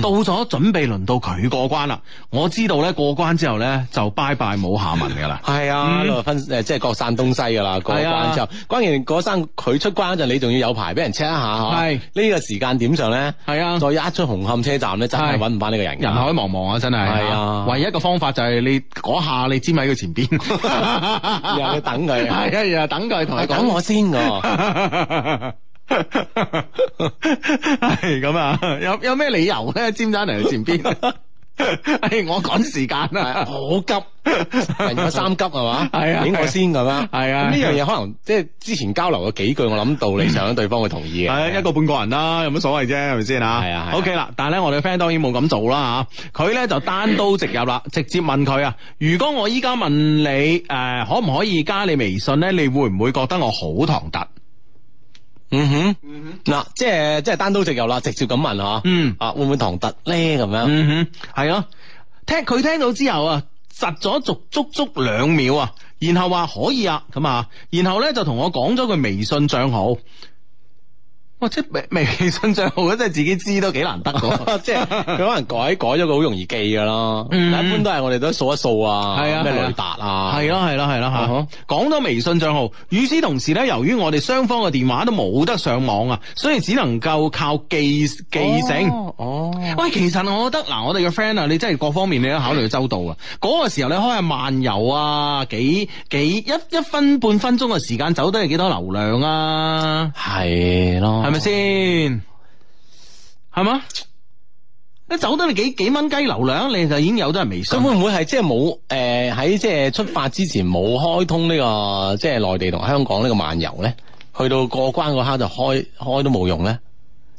到咗準備輪到佢過關啦，我知道咧過關之後咧就拜拜冇下文噶啦。係啊，分誒即係各散東西噶啦。過關之後，關鍵嗰生佢出關嗰陣，你仲要有排俾人 check 一下。係呢個時間點上咧，係啊，再一出紅磡車站咧，真係搵唔翻呢個人，人海茫茫啊，真係。係啊，唯一一個方法就係你嗰下你尖喺佢前邊，然後你等佢，係啊，然後等佢同你講我先個。係 咁樣啊， 有有咩理由咧？尖扎嚟到前邊、 哎，我趕時間啊，好 急，乜 三急係嘛？係 啊，俾我先咁啊，係啊。啊啊啊啊啊啊 呢樣嘢可能即係之前交流過幾句，我諗道理上對方會同意嘅。係一個半個人啦，有乜所謂啫？係咪先啊？係啊。OK 啦，但係咧，我哋 friend 當然冇咁做啦吓。佢咧就單刀直入啦，直接問佢啊：如果我依家問你誒、呃，可唔可以加你微信咧？你會唔會覺得我好唐突？嗯哼、mm，嗱、hmm. 啊，即係即係單刀直入啦，直接咁問吓，啊、嗯，啊會唔會唐突咧咁樣？嗯哼、mm，係、hmm. 啊，聽佢聽到之後，續續後啊，窒咗足足足兩秒啊，然後話可以啊，咁啊，然後咧就同我講咗佢微信賬號。即係微微信賬號，真係自己知都幾難得喎！ 即係佢可能改改咗，佢好容易記噶咯。一般都係我哋都掃一掃啊，啊，咩雷達啊，係咯係咯係咯吓。講到微信賬號，與此同時咧，由於我哋雙方嘅電話都冇得上網啊，所以只能夠靠記記性。哦。Oh, oh. 喂，其實我覺得嗱，我哋嘅 friend 啊，你真係各方面你都考慮周到啊。嗰的個時候你開下漫遊啊，幾幾一一分半分鐘嘅時間走得係幾多流量啊？係咯的。先，係嘛、嗯？吧你走得幾幾蚊雞流量，你就已經有都係微信。咁會唔會係即係冇？誒、呃，喺即係出發之前冇開通呢、這個即係內地同香港呢個漫遊咧？去到過關嗰刻就開開都冇用咧？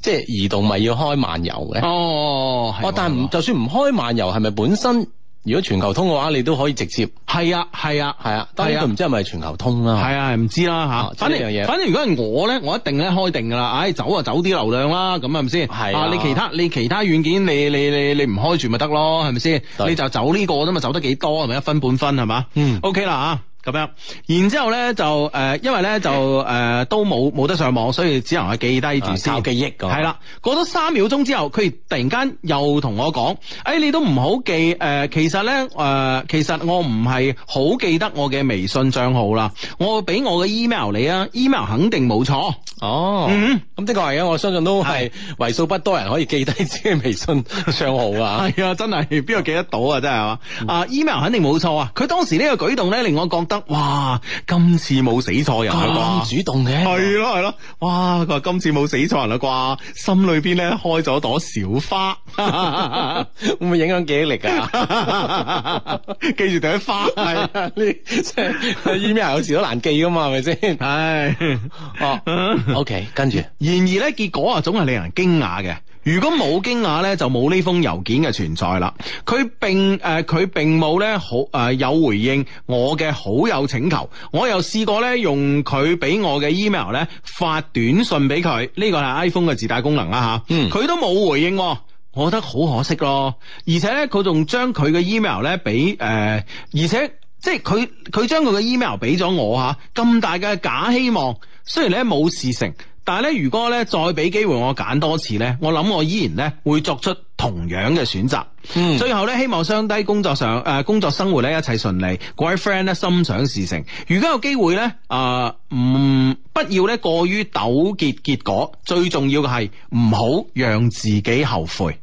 即係移動咪要開漫遊嘅、哦？哦，哦，但係就算唔開漫遊，係咪本身？如果全球通嘅話，你都可以直接係啊係啊係啊，啊啊但係都唔知係咪全球通、啊啊、啦，係啊唔知啦嚇。反正反正如果係我咧，我一定咧開定㗎啦。唉、哎，走就走啲流量啦，咁係咪先？係啊，啊。你其他你其他軟件，你你你你唔開住咪得咯，係咪先？對你就走呢、這個啫嘛，走得幾多係咪一分半分係嘛？是是嗯。OK 啦啊！咁樣，然之後咧就誒、呃，因為咧就誒、呃、都冇冇得上網，所以只能係記低住先，記憶，係啦、啊啊。過咗三秒鐘之後，佢突然間又同我講：誒、哎、你都唔好記誒、呃，其實咧誒、呃，其實我唔係好記得我嘅微信賬號啦。我俾我嘅 email 你啊，email 肯定冇錯。哦，嗯，嗯，咁的確係啊，我相信都係為數不多人可以記低自己微信賬號啊，係 啊，真係邊個記得到啊？真係 啊啊，email 肯定冇錯啊。佢當時呢個舉動咧，令我覺得。哇！今次冇死錯人啦啩，可可主動嘅係咯係咯，哇！佢話今次冇死錯人啦啩，心裏邊咧開咗朵小花， 會唔會影響記憶力啊？ 記住第一花係啊，呢即係 email 有時都難記噶嘛，係咪先？唉、 哦，哦，OK，跟住，然而咧結果啊，總係令人驚訝嘅。如果冇驚訝呢，就冇呢封郵件嘅存在啦。佢並誒佢、呃、並冇呢，好、呃、誒有回應我嘅好友請求。我又試過呢，用佢俾我嘅 email 呢，發短信俾佢，呢個係 iPhone 嘅自帶功能啦嚇。佢、啊嗯、都冇回應，我覺得好可惜咯。而且呢，佢仲將佢嘅 email 呢俾誒，而且即係佢佢將佢嘅 email 俾咗我嚇，咁、啊、大嘅假希望，雖然咧冇事成。但係咧，如果咧再俾機會我揀多次咧，我諗我依然咧會作出同樣嘅選擇。嗯，最後咧，希望雙低工作上誒、呃、工作生活咧一切順利，各位 friend 咧心想事成。如果有機會咧，啊、呃、唔、嗯、不要咧過於糾結結果，最重要嘅係唔好讓自己後悔。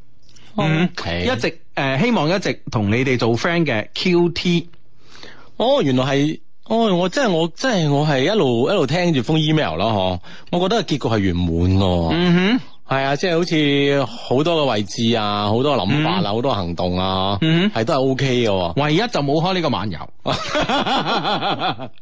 嗯、OK，一直誒、呃、希望一直同你哋做 friend 嘅 QT。哦，原來係。哦、oh，我真係我真係我係一路一路聽住封 email 咯，嗬，我覺得結局係圓滿咯。嗯哼、mm，係、hmm。啊，即係好似好多嘅位置啊，好多諗法啊，好、mm hmm。多行動啊，嗯哼、okay，係都係 OK 嘅，唯一就冇開呢個漫遊。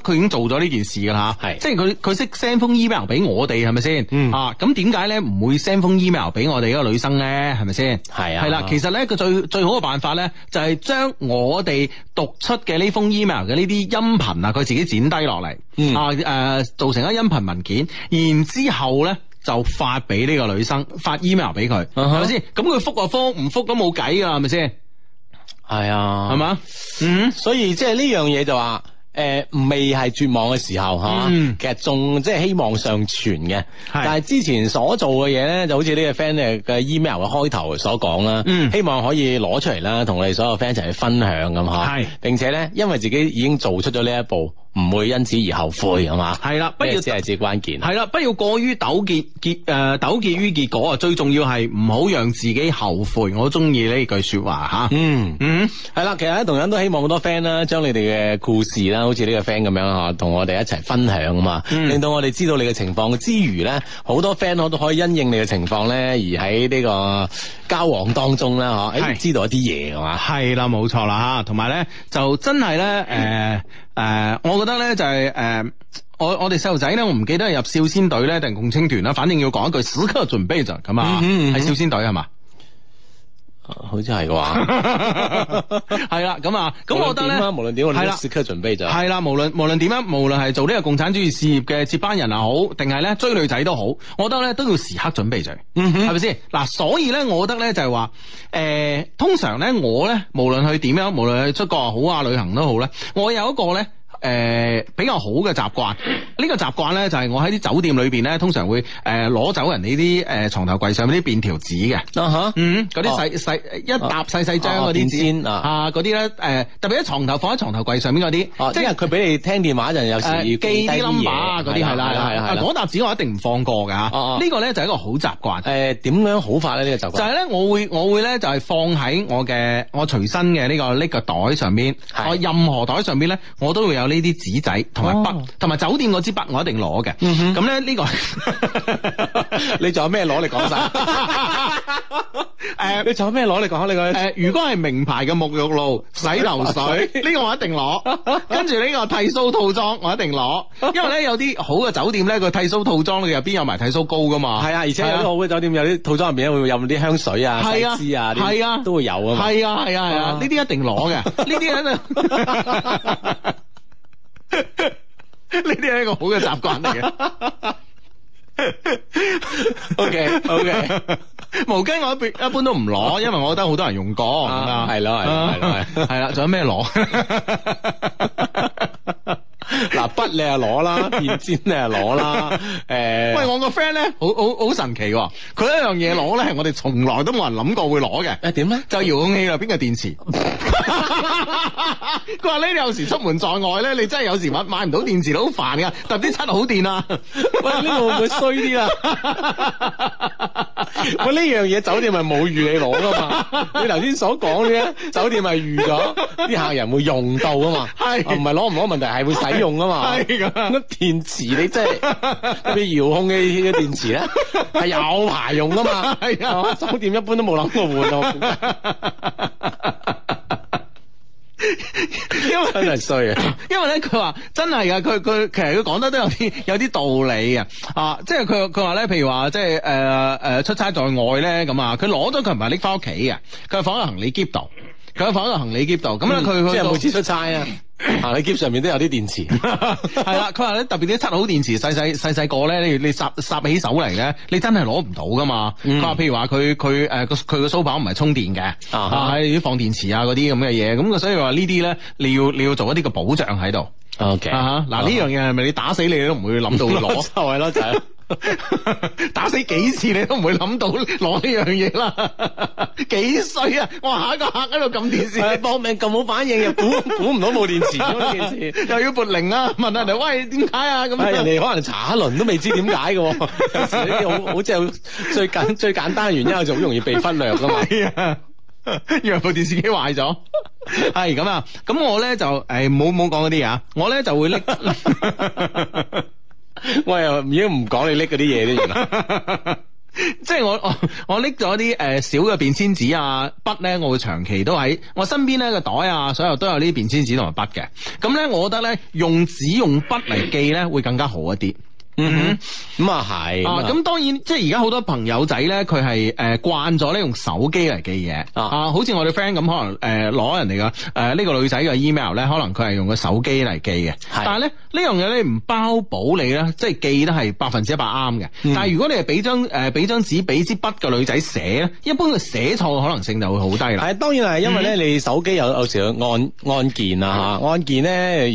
佢已經做咗呢件事噶啦，係是即係佢佢識 send 封 email 俾我哋，係咪先？嗯、啊，咁點解咧唔會 send 封 email 俾我哋一個女生咧？係咪先？係啊，係啦，其實咧佢最最好嘅辦法咧，就係、是、將我哋讀出嘅呢封 email 嘅呢啲音頻啊，佢自己剪低落嚟，嗯、啊誒，做、呃、成一音頻文件，然之後咧就發俾呢個女生發 email 俾佢，係咪先？咁佢復就復，唔復都冇計噶，係咪先？係啊，係嘛，嗯，所以即係呢樣嘢就話、是。誒，未係絕望嘅時候吓，嗯、其實仲即係希望尚存嘅。是但係之前所做嘅嘢咧，就好似呢個 friend 嘅 email 嘅開頭所講啦，嗯、希望可以攞出嚟啦，同我哋所有 friend 一齊去分享咁吓。係是，並且咧，因為自己已經做出咗呢一步。唔會因此而後悔，係嘛？係啦，不要先係最關鍵。係啦，不要過於糾結結誒，糾結、呃、結於結果啊！最重要係唔好讓自己後悔。我中意呢句說話吓。嗯嗯，係啦、嗯，其實咧，同樣都希望好多 friend 啦，將你哋嘅故事啦，好似呢個 friend 咁樣吓，同我哋一齊分享啊嘛，令到我哋知道你嘅情況之餘咧，好、嗯、多 friend 我都可以因應你嘅情況咧，而喺呢個交往當中啦，嗬的，誒、哎，知道一啲嘢，係嘛？係啦，冇錯啦，吓，同埋咧，就真係咧，誒、呃。嗯誒，uh, 我覺得咧就係、是、誒、uh，我我哋細路仔咧，我唔記得係入少先隊咧定共青團啦，反正要講一句時刻準備着咁啊，係、嗯嗯、少先隊係嘛。好似係嘅話，係啦，咁啊，咁我覺得咧，無論點，係啦，時刻準備就係啦，無論無論點樣，無論係做呢個共產主義事業嘅接班人又好，定係咧追女仔都好，我覺得咧都要時刻準備就係，嗯哼，係咪先？嗱，所以咧，我覺得咧就係話，誒、呃，通常咧我咧，無論去點樣，無論去出國又好啊，旅行都好咧，我有一個咧。誒比較好嘅習慣，呢個習慣咧就係我喺啲酒店裏邊咧，通常會誒攞走人哋啲誒牀頭櫃上邊啲便條紙嘅，嗰啲細細一沓細細張嗰啲紙啊，嗰啲咧誒，特別喺床頭放喺床頭櫃上面嗰啲，即係佢俾你聽電話就，有時要記啲 number 嗰啲係啦，嗰沓紙我一定唔放過㗎，呢個咧就係一個好習慣。誒點樣好法咧？呢個習慣就係咧，我會我會咧就係放喺我嘅我隨身嘅呢個呢個袋上邊，我任何袋上邊咧我都會有呢。呢啲紙仔同埋筆，同埋酒店嗰支筆我一定攞嘅。咁咧呢個你仲有咩攞？嚟講晒。誒，你仲有咩攞？嚟講下你個誒，如果係名牌嘅沐浴露、洗頭水，呢個我一定攞。跟住呢個剃鬚套裝我一定攞，因為咧有啲好嘅酒店咧個剃鬚套裝入邊有埋剃鬚膏噶嘛。係啊，而且有啲好嘅酒店有啲套裝入邊咧會有啲香水啊、洗劑啊，係啊，都會有啊。係啊，係啊，係啊，呢啲一定攞嘅。呢啲喺度。呢啲係一個好嘅習慣嚟嘅。OK，OK，毛巾我一一般都唔攞，因為我覺得好多人用過、啊。係咯，係咯，係咯，係啦，仲有咩攞？嗱，筆你又攞啦，電線你又攞啦，誒、欸，喂，我個 friend 咧，好好好神奇喎、哦，佢一樣嘢攞咧係我哋從來都冇人諗過會攞嘅。誒點咧？就遙控器入邊個電池？佢話呢你有時出門在外咧，你真係有時買買唔到電池，好煩嘅，特別七號電啊。 喂，呢、這個會衰啲啊？ 喂，呢樣嘢酒店咪冇預你攞噶嘛？你頭先所講啲啊，酒店咪預咗啲客人會用到噶嘛？係唔係攞唔攞問題係會使用？噶嘛，乜電池你即係啲遙控器嘅電池咧，係有排用噶嘛。啊，酒店一般都冇諗過換咯，因為真係衰啊！ 因為咧佢話真係噶，佢佢其實佢講得都有啲有啲道理啊。啊，即係佢佢話咧，譬如話即係誒誒出差在外咧咁啊，佢攞咗佢唔係拎翻屋企啊，佢放喺行李喼度。佢放喺個行李篋度，咁咧佢佢即係每次出差啊，行李篋上面都有啲電池，係啦。佢話咧特別啲七號電池，細細細細個咧，你你拾拾起手嚟咧，你真係攞唔到噶嘛。佢話譬如話佢佢誒個佢個 sofa 唔係充電嘅，uh huh. 啊喺放電池啊嗰啲咁嘅嘢，咁所以話呢啲咧，你要你要做一啲嘅保障喺度。O K，嗱呢樣嘢係咪你打死你都唔會諗到攞？就係咯，就係。 打死幾次你都唔會諗到攞呢樣嘢啦， 幾衰啊！我下一個客喺度撳電視，搏的命咁冇反應， 又估估唔到冇電池呢件事，又要撥零啦、啊，問下人哋喂，點解啊？咁、啊、人哋可能查一輪都未知點解嘅，好好似最，最簡最簡單嘅原因就好容易被忽略噶嘛，以為部電視機壞咗，係 咁啊！咁我咧就誒唔好唔好講嗰啲啊，我咧就會拎。 我又唔應唔講你拎嗰啲嘢咧，原來 即係我我我拎咗啲誒小嘅便簽紙啊筆咧，我會長期都喺我身邊咧個袋啊，所有都有呢啲便簽紙同埋筆嘅。咁咧，我覺得咧用紙用筆嚟記咧會更加好一啲。嗯哼，咁啊係啊，咁麼當然即係而家好多朋友仔咧，佢係誒慣咗咧用手機嚟記嘢啊，啊，好似我哋 friend 咁，可能誒攞、呃、人哋嘅誒呢個女仔嘅 email 咧，可能佢係用個手機嚟記嘅，是但係咧呢樣嘢咧唔包保你咧，即係記得係百分之一百啱嘅，嗯、但係如果你係俾張誒俾張紙俾支筆個女仔寫咧，一般佢寫錯嘅可能性就會好低啦。係、嗯、當然係因為咧你手機有有時按按鍵啊吓，按鍵咧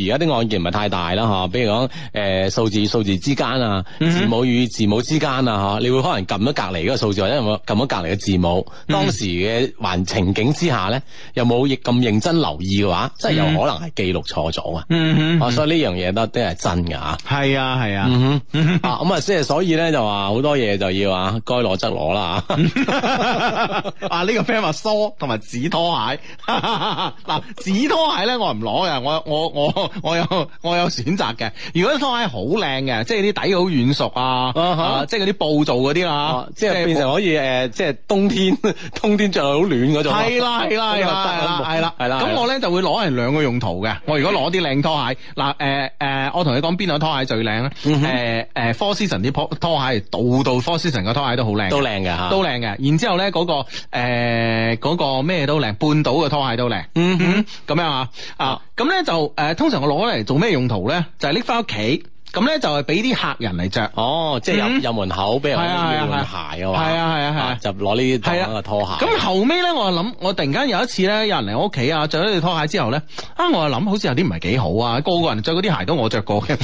而家啲按鍵唔係太大啦吓，比如講誒數字數字之間。間啊，字母與字母之間啊，吓、嗯哼，你會可能撳咗隔籬嗰個數字，或者撳咗隔籬嘅字母。嗯、當時嘅環情景之下咧，又冇亦咁認真留意嘅話，即係有可能係記錄錯咗啊！嗯、哼啊，所以呢樣嘢都都係真噶吓。係啊，係啊。啊，咁啊，即係所以咧，就話好多嘢就要啊，該攞則攞啦吓。啊，呢個 friend 話梳同埋紙拖鞋。嗱，紙拖鞋咧，我唔攞嘅，我我我我，我，我，我有我有，我有選擇嘅。如果拖鞋好靚嘅，即係啲。睇好軟熟啊、uh huh. 哦，即係嗰啲布做嗰啲啊，即係變成可以誒、呃，即係冬天，冬天着好暖嗰種。係啦係啦係啦係啦係啦。咁、嗯、我咧就會攞嚟兩個用途嘅。我如果攞啲靚拖鞋，嗱誒誒，我同你講邊對拖鞋最靚咧？誒誒，Four、uh huh. Seasons 啲拖拖鞋，度度 Four Seasons 嘅拖鞋都好靚，都靚嘅吓，都靚嘅。然之後咧嗰個誒嗰個咩都靚，半島嘅拖鞋都靚。嗯哼，咁樣啊啊，咁咧就誒、呃，通常我攞嚟做咩用途咧？就係拎翻屋企。咁咧就係俾啲客人嚟着，哦，即係入、嗯、入門口俾人換鞋嘅話，係啊係啊係、啊啊啊，就攞呢啲咁嘅拖鞋。啊。咁、啊、後尾咧，我就諗，我突然間有一次咧，有人嚟我屋企啊，着咗對拖鞋之後咧，啊，我就諗好似有啲唔係幾好啊，個個人着嗰啲鞋都我着過嘅，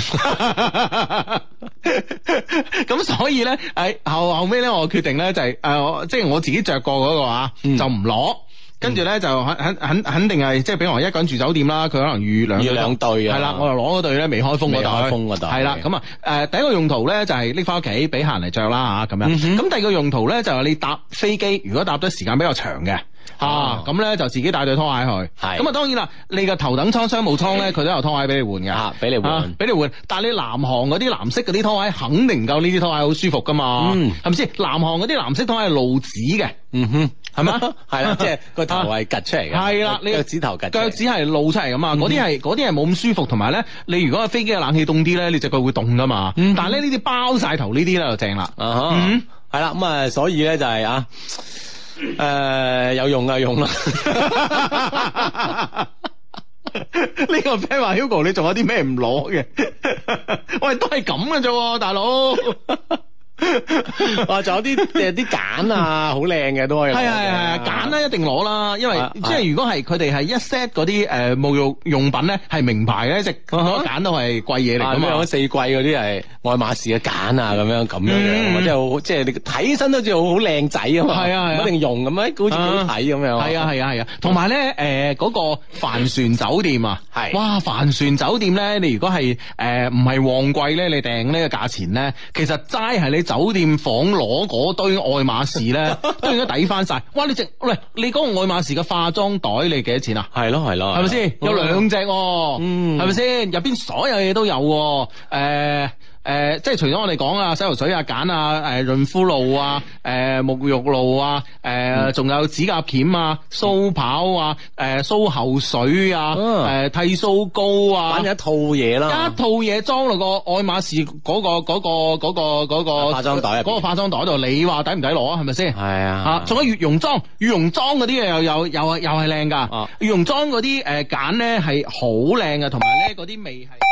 咁 所以咧，誒後後尾咧，我決定咧就係、是、誒，即、呃、係、就是、我自己着過嗰、那個啊，嗯、就唔攞。跟住咧就肯肯肯肯定係，即係比如一個人住酒店啦，佢可能預兩對係啦，我又攞嗰對咧未開封嗰度。係啦，咁啊的，誒、嗯呃，第一個用途咧就係拎翻屋企俾客人嚟着啦吓，咁樣，咁、嗯、哼第二個用途咧就係、是、你搭飛機，如果搭得時間比較長嘅，啊，咁咧、啊、就自己帶對拖鞋去，係，咁啊，當然啦，你個頭等艙、商務艙咧，佢都有拖鞋俾你換嘅，啊，俾你換，俾、啊、你換，但係你南航嗰啲藍色嗰啲拖，拖鞋，肯定唔夠呢啲拖鞋好舒服噶嘛，係咪先？南航嗰啲藍色拖鞋係露趾嘅，嗯哼。係嘛？係啦 是吧， 即係個頭係趌出嚟嘅。係啦、 啊，呢個指頭趌，腳趾係露出嚟噶嘛，嗰啲係嗰啲係冇咁舒服，同埋咧，你如果個飛機嘅冷氣凍啲咧，你隻腳會凍噶嘛。嗯嗯、但係咧呢啲包晒頭呢啲咧就正啦。啊，係、呃、啦，咁啊，所以咧就係啊，誒有用啊，用 啦。 呢個 friend 話 Hugo，你仲有啲咩唔攞嘅？ 喂，都係咁嘅啫，大佬。哇！ 仲有啲誒啲揀啊，好靚嘅都可以。係係係，揀咧、啊、一定攞啦，因為、啊啊、即係如果係佢哋係一 set 嗰啲誒沐浴用品咧，係名牌咧，隻嗰個揀都係貴嘢嚟。咁樣、啊、四季嗰啲係愛馬仕嘅揀啊，咁樣咁樣樣，或者好即係睇起身都好似好靚仔啊嘛。係 啊，唔一定用咁樣，好似幾好睇咁樣。係啊係啊係啊，同埋咧誒嗰個帆船酒店啊，係哇，哇帆船酒店咧，你如果係誒唔係旺季咧，你訂呢個價錢咧，其實齋係你。酒店房攞嗰堆愛馬仕咧， 都而家抵翻晒。哇！你只喂你嗰個愛馬仕嘅化妝袋你幾多錢啊？係咯係咯，係咪先？有兩隻喎、啊，係咪先？入邊所有嘢都有喎、啊，呃誒、呃，即係除咗我哋講啊，洗頭水啊，梘啊，誒、呃，潤膚露啊，誒、呃，沐浴露啊，誒、呃，仲有指甲鉗啊，鬚刨啊，誒，鬚後水啊，誒，剃鬚膏啊，反正一套嘢啦，一套嘢裝落個愛馬仕嗰個嗰個嗰個嗰個化妝袋啊，嗰個化妝袋度，你話抵唔抵攞啊？係咪先？係啊，吓，仲有羽絨裝，羽絨裝嗰啲嘢又又又係又係靚噶，羽絨裝嗰啲誒梘咧係好靚噶，同埋咧嗰啲味係。